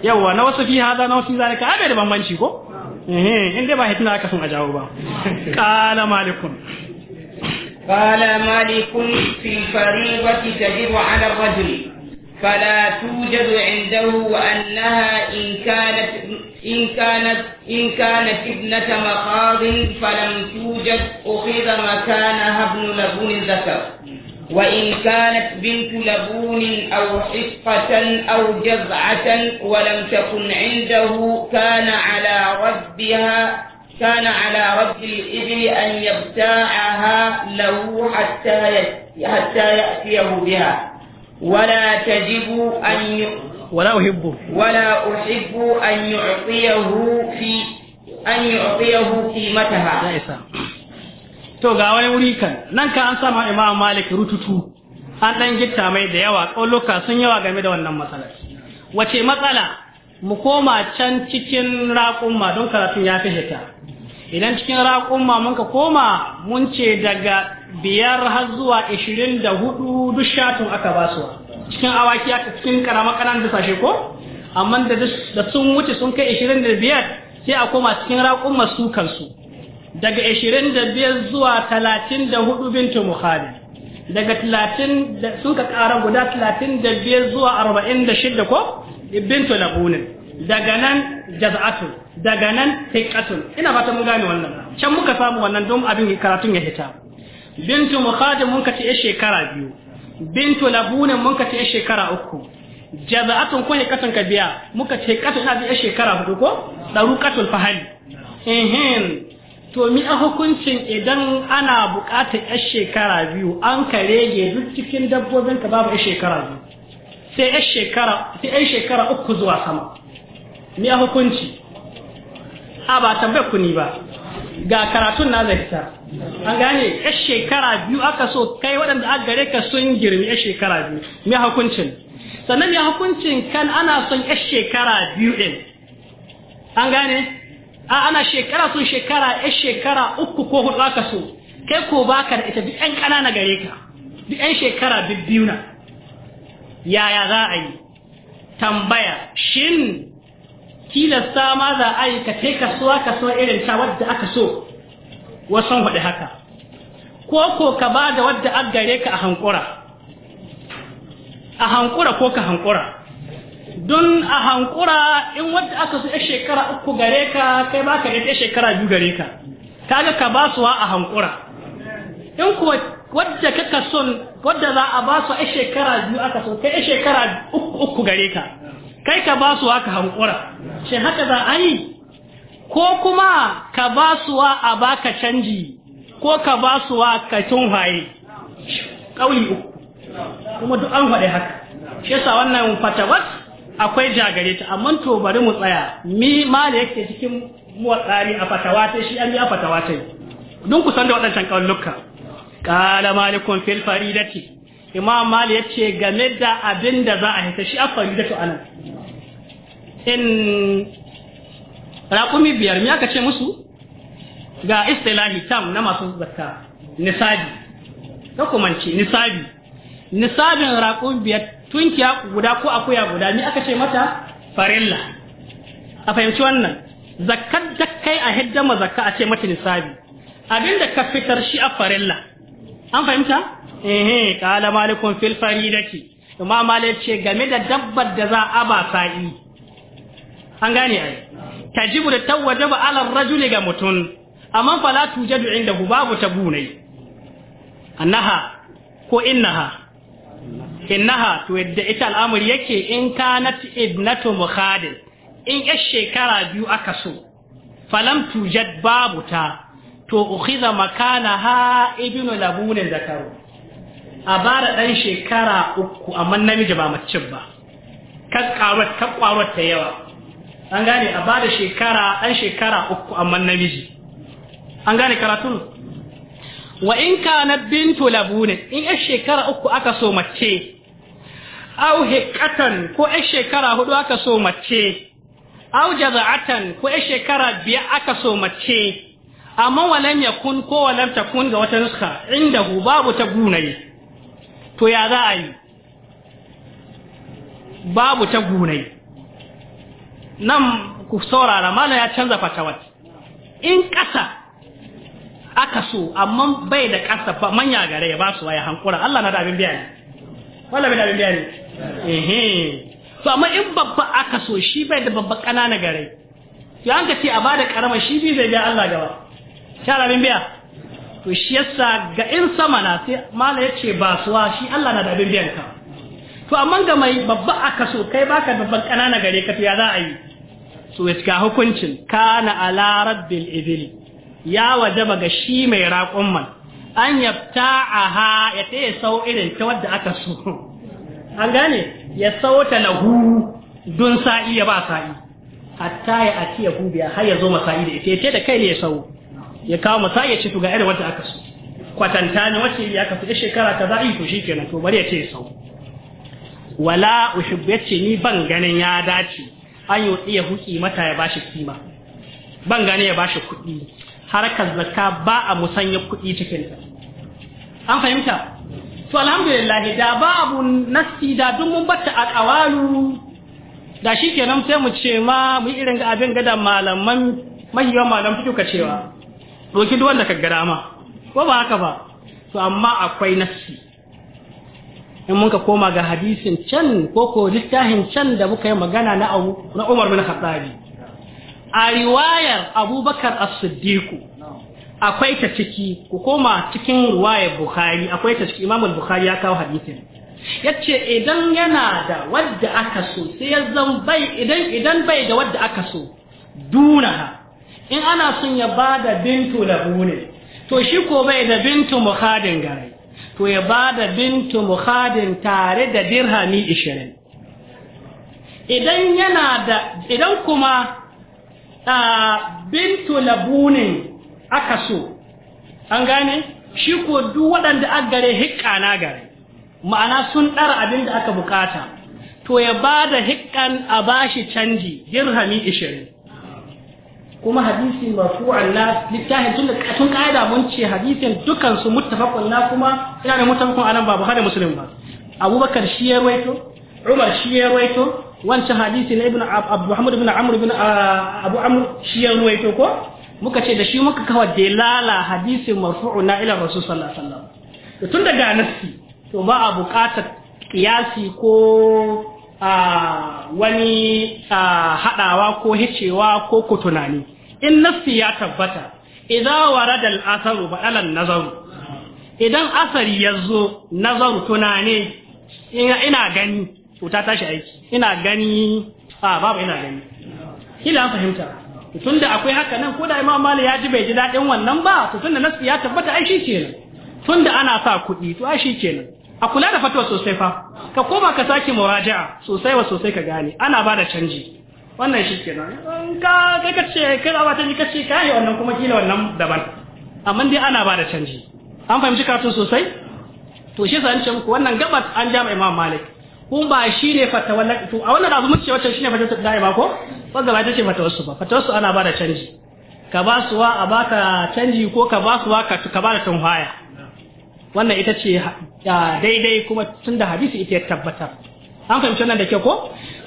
yawa na wasu fi haza na wasu fi zalika bai da bambanci ko eh in dai ba hitina aka sun a jawo ba [laughs] qala malikun قال مالك في الفريضة تجب على الرجل فلا توجد عنده وأنها إن كانت إن كانت إن كانت ابنة مخاض فلم توجد أخذ مكانها ابن لبون ذكر وإن كانت بنت لبون أو حصة أو جزعة ولم تكن عنده كان على ربها كان على رب الإبل أن يبتاعها له حتى حتى يأتيه بها ولا تجب أن ولا أحب ولا أحب أن يعطيه في أن يعطيه قيمتها to ga wani wuri kan nan ka an sama imam malik rututu an dan gitta mai da yawa ƙauluka sun yawa game da wannan matsalar wace matsala mu koma can cikin raƙumma don karatun ya fi hita idan cikin raƙumma mun ka koma mun ce daga biyar har zuwa ishirin da hudu duk shatun aka ba su cikin awaki aka cikin karama kanan da sashe ko amma da sun wuce sun kai ishirin da biyar sai a koma cikin raƙun masu kansu daga ishirin da biyar zuwa talatin da hudu bintu muhalli daga talatin sun ka ƙara guda talatin da biyar zuwa arba'in da shida ko bintu labunin daga nan jaz'atun daga nan taiqatun ina fata mun gane wannan can muka samu wannan don abin karatun ya hita bintu mukhadim mun kace shekara biyu bintu labunan mun kace shekara uku kun ko ka biya muka ce katun na biya shekara hudu ko katul fahali ehin to mi a hukuncin idan ana buƙatar yar shekara biyu an ka rege duk cikin dabbobin ka babu yar shekara biyu sai yar shekara sai yar shekara uku zuwa sama mi a hukunci a ba tambayar ku ni ba ga karatun na zai ta an gane ya shekara biyu aka so kai waɗanda aka gare ka sun girmi ya shekara biyu mai hukuncin sannan mai hukuncin kan ana son ya shekara biyu ɗin an gane a ana shekara sun shekara ya shekara uku ko hudu aka so kai ko ba ka da ita duk ƴan ƙanana gare ka duk ƴan shekara biyu na yaya za a yi tambaya shin tilasta ma za a yi ka kai kasuwa kasuwa irin ta wadda aka so wasan faɗi haka ko ko ka ba da wadda an gare ka a hankura a hankura ko ka hankura don a hankura in wadda aka so ya shekara uku gare ka kai ba ka da shekara biyu gare ka kaga ka ba suwa a hankura in kuwa wadda ka son wadda za a ba su a shekara biyu aka so kai shekara uku uku gare ka kai ka ba su haka hankura shi haka za a yi ko kuma ka ba su wa a ka canji ko ka ba su wa ka haye kauli uku kuma duk an faɗi haka shi sa wannan fatawat akwai jagare ta amma to bari mu tsaya mi ma da yake cikin muwatsari a fatawa ta shi an yi a fatawa ta don ku san da waɗancan kaulukka ƙala malikun fil ce. imam mali ya ce game da abin da za a hita shi a dato anan in raƙumi biyar mi aka ce musu ga istilahi tam na masu zakka nisabi ka ce nisabi nisabin raƙumi biyar tunkiya guda ko akuya guda mi aka ce mata farilla a fahimci wannan Zakka da kai a hidda ma zakka a ce mata nisabi abin da ka fitar shi a farilla an fahimta eh qala malikun fil faridati imam malik ce game da dabbar da za a ba sa'i an gane ai tajibu da tawajaba ala rajuli ga mutun amma fala tujadu indahu babu tabunai annaha ko innaha innaha to yadda ita al'amari yake in kanat ibnatu mukhadin in yar shekara biyu aka so falam tujad babu ta to ukhiza makanaha ibnu labunin zakaru a bara ɗan shekara uku amma namiji ba mace ba kakkawar ta yawa an gane a bada shekara ɗan shekara uku amma namiji an gane karatun wa in ka na bintu labunin in yan shekara uku aka so mace au hekatan ko yan shekara hudu aka so mace au jaza'atan ko yan shekara biyar aka so mace amma walam yakun ko walam takun ga wata nuska inda hu babu ta gunaye to ya za a yi babu ta gunai nan ku saurara malam ya canza fatawat in ƙasa aka so amma bai da ƙasa ba manya gare ya ba su waye hankura Allah na da abin biya ne wala bai da abin biya ne eh to amma in babba aka so shi bai da babba ƙanana gare ya an ka ce a bada karama shi bi zai biya Allah gaba ta abin biya to shi yasa ga in sama na sai mala ce ba suwa shi Allah na da abin biyan ka to amma ga mai babba aka so kai baka babban kanana gare ka to ya za a yi so iska hukuncin kana ala rabbil ibil ya wajaba ga shi mai raƙon man an yafta'aha ya ta ya sau irin ta wadda aka so [laughs] an gane ya sauta lahu don sa'i ya ba sa'i hatta ya ati ya gubiya har ya zo masa'i da ita ya ce da kai ne ya sau ya kawo masa ya ce to ga irin wata aka so kwatanta ne wace ya aka fi shekara ta za'i to shi kenan to bari ya ce sau wala uhibbu yace ni ban ganin ya dace an yi ya huki mata ya bashi kima ban gane ya bashi kuɗi harkar zakka ba a musanya kuɗi cikin ta an fahimta to alhamdulillah da ba abu nasti da duk mun batta a da shi kenan sai mu ce ma mu irin ga abin gadan malaman mahiyawan malam fituka cewa doki duk wanda ka ga dama ko ba haka ba to amma akwai nafsi in muka koma ga hadisin can ko ko littafin can da muka yi magana na abu na Umar bin Khattabi a riwayar Abubakar as akwai ta ciki ku koma cikin riwayar Bukhari akwai ta ciki Imam Bukhari ya kawo hadisin yace idan yana da wadda aka so sai ya zan bai idan bai da wadda aka so dunaha in ana son ya ba da bintu lahu ne to shi ko bai da bintu muhadin gari, to ya ba da bintu muhadin tare da dirhami ishirin idan yana da idan kuma bintu labunin aka so an gane shi ko duk waɗanda aka gare hikka na gare ma'ana sun ɗara abin da aka bukata to ya ba da hikkan a bashi canji dirhami ishirin kuma hadisi marfu'an na littafin tun da tun kaida mun ce hadisin dukan su muttafaqun na kuma ina da muttafaqun anan ba Bukhari Muslim ba Abubakar shi ya ruwaito Umar shi ya ruwaito wancan hadisi na Ibn Abu Muhammad ibn Amr ibn ah, Abu Amr shi ya ruwaito ko muka ce da shi muka kawo dalala hadisin marfu'un na ila Rasul sallallahu alaihi wasallam tun daga nasi to ba a buƙatar kiyasi ko A wani haɗawa ko hicewa ko ku tunani in nassi ya tabbata idza warada al-asaru ba'alan nazaru idan asari yazo nazaru tunani ina gani cuta tashi aiki ina gani a babu ina gani kila fahimta tunda akwai haka nan ko da ya ji bai ji dadin wannan ba to tunda nassi ya tabbata ai shi kenan tunda ana sa kuɗi to ai kenan a kula da fatuwa sosai fa ka koma ka sake muraja'a sosai wa sosai ka gane ana bada canji wannan shi nan ka kai ka ce kai ba ta ji ka ce kai wannan kuma kila wannan daban amma dai ana bada canji an fahimci katun sosai to shi sa an ce muku wannan gabat an jama imam malik kun ba shi ne fatawa to a wannan abu muke wacce shi ne fatawa da ba ko wanda ba ta ce fatawa su ba fatawa su ana bada canji ka ba su wa a baka canji ko ka ba su ka ka ba da tunhaya wannan ita ce daidai kuma tun da hadisi ita ya tabbatar an fahimci nan da ke ko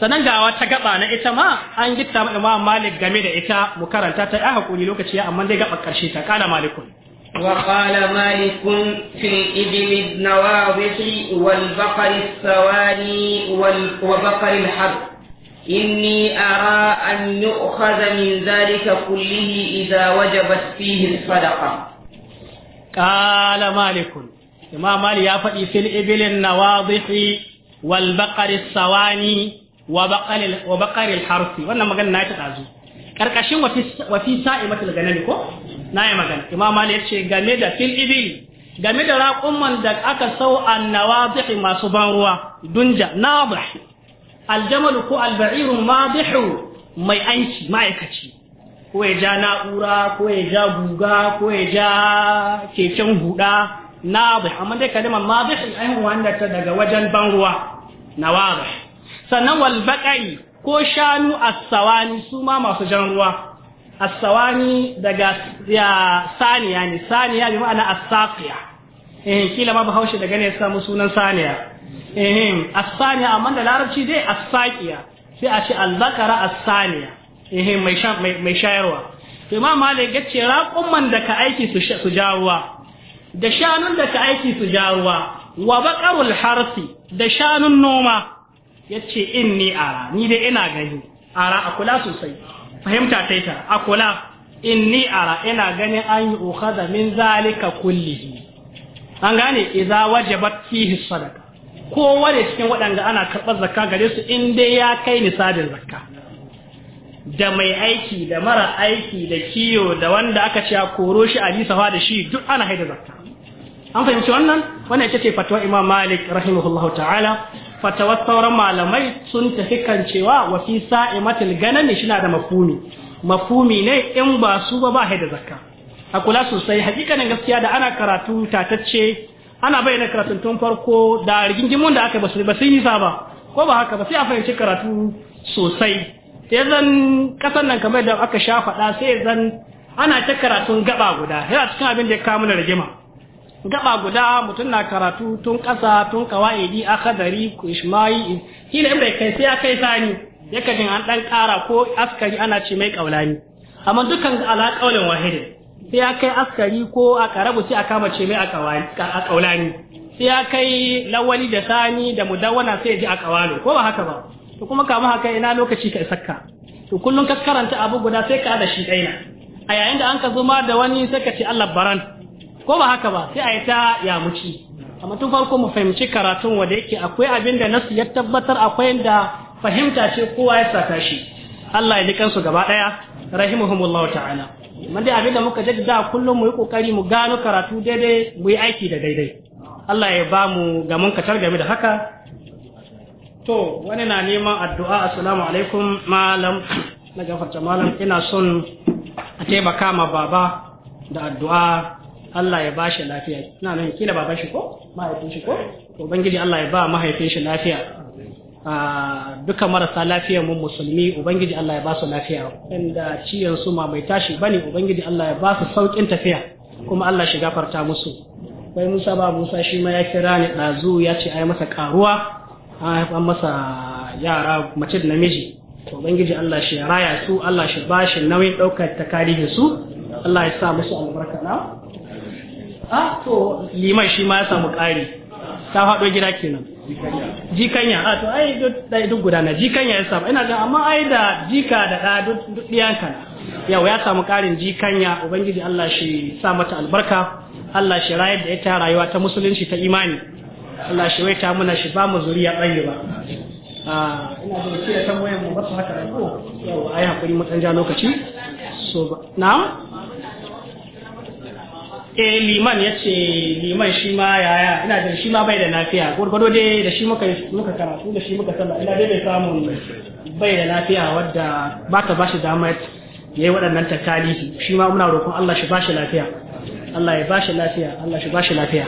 sannan ga wata gaba na ita ma an gitta ma imam malik game da ita mu karanta ta ya hakuri lokaci ya amma dai gaba karshe ta kana malikun وقال مالك في الإبل النواضح والبقر الثواني وبقر الحرب إني أرى أن يؤخذ من ذلك كله إذا وجبت فيه الصدقة قال مالك imam mali ya faɗi fil ibilin nawadhihi wal baqari sawani wa baqari wa baqari harfi wannan magana na ta dazu karkashin wa fi sa'imatul ganani ko na yi magana imam mali ya ce game da fil ibil game da raƙumman da aka sau an nawadhihi masu ban ruwa dunja nawadhi aljamal ko alba'iru madihu mai aiki ma'aikaci ko ya ja na'ura ko ya ja guga ko ya ja keken guda. nadih amma dai kalimar madih ainihin wanda ta daga wajen ban ruwa na wadih sannan wal baqai ko shanu as-sawani su ma masu jan ruwa as-sawani daga ya saniya ne saniya bi ma'ana as-saqiya eh kila ma bahaushe daga ne ya samu sunan saniya eh as-saniya amma da larabci dai as-saqiya sai a ce al-zakara as-saniya eh mai shayarwa imam ma ya ce raƙumman da ka aiki su ja ruwa da shanun da ka aiki su ja ruwa wa baƙarul harsi da shanun noma yace inni ara ni dai ina gani ara akula sosai fahimta taita akula inni ara ina ganin an yi ukhada min zalika kullihi an gane idza wajabat fihi sadaqa kowa da cikin waɗanda ana karɓar zakka gare su in dai ya kai nisabin zakka da mai aiki da mara aiki da kiyo da wanda aka ce a koro shi a nisawa da shi duk ana haida zakka an fahimci wannan wannan ita ce fatawa imam malik rahimahullahu ta'ala fatawar sauran malamai sun tafi kan cewa wa fi sa'imatil ganami shi na da mafumi mafumi ne in ba su ba ba haida zakka a kula sosai hakikanin gaskiya da ana karatu tatacce ana bayyana karatun tun farko da rigingimun da aka basu ba sun yi sa ba ko ba haka ba sai a fahimci karatu sosai sai zan kasan nan kamar da aka sha faɗa sai zan ana ta karatun gaba guda yana cikin abin da ya kawo mana rigima gaba guda mutum na karatu tun ƙasa tun kawa'idi akadari ishmayi ne bai kai sai ya kai sani ya kajin an ɗan ƙara ko askari ana ce mai ƙaulani amma dukkan ala ƙaulin sai ya kai askari ko a karabu sai a kama ce mai a ƙaulani sai ya kai lawali da sani da mudawana sai ya ji a ƙawalo ko ba haka ba to kuma kama haka ina lokaci ka isakka to kullum ka karanta abu guda sai ka da shi kaina a yayin da an ka zo ma da wani sai ka ce Allah baran ko ba haka ba sai a yi ta ya muci amma tun farko mu fahimci karatun wanda yake akwai abin da nasu ya tabbatar akwai da fahimta ce kowa ya sata shi Allah ya ji su gaba daya rahimahumullahu ta'ala mun dai abin da muka jaddada kullun mu yi kokari mu gano karatu daidai mu yi aiki da daidai Allah ya ba mu gamun katar game da haka to wani na neman addu'a assalamu alaikum malam na gafarta malam ina son a taimaka ma baba da addu'a Allah ya bashi lafiya ina nan kila baban shi ko mahaifin shi ko to ubangiji Allah ya ba mahaifin shi lafiya duka marasa lafiya mun musulmi ubangiji Allah ya ba su lafiya inda ciyan su ma bai tashi bane ubangiji Allah ya ba su saukin tafiya kuma Allah shi gafarta musu bai Musa ba Musa shi ma ya kira ni ɗazu ya ce ai masa karuwa an haifan masa yara mace da namiji to ubangiji Allah shi raya su Allah shi ba shi nauyin ɗaukar takalihin su Allah ya sa musu albarka na a ah, to liman shi ma ya samu ƙari ta faɗo gida kenan jikanya a ah, to ai duk gudana jikanya ya samu ina ga amma ai da jika da ɗa duk ɗiyanka na yau ya samu ƙarin jikanya ubangiji Allah shi sa mata albarka Allah shi rayar da ita rayuwa ta musulunci ta imani Allah shi ta muna shi ba mu zuriya tsayi ba ah, ina da shi da tambayar mu ba su haka ko yau ai hakuri mu ja lokaci so na e liman yace liman shi ma yaya ina da shi ma bai da lafiya Gwagwado dai da shi muka muka karatu da shi muka sallah ina dai bai samu bai da lafiya wadda ba ta bashi damar ya yi waɗannan takalifi shi ma muna roƙon Allah shi bashi lafiya Allah ya bashi lafiya Allah shi bashi lafiya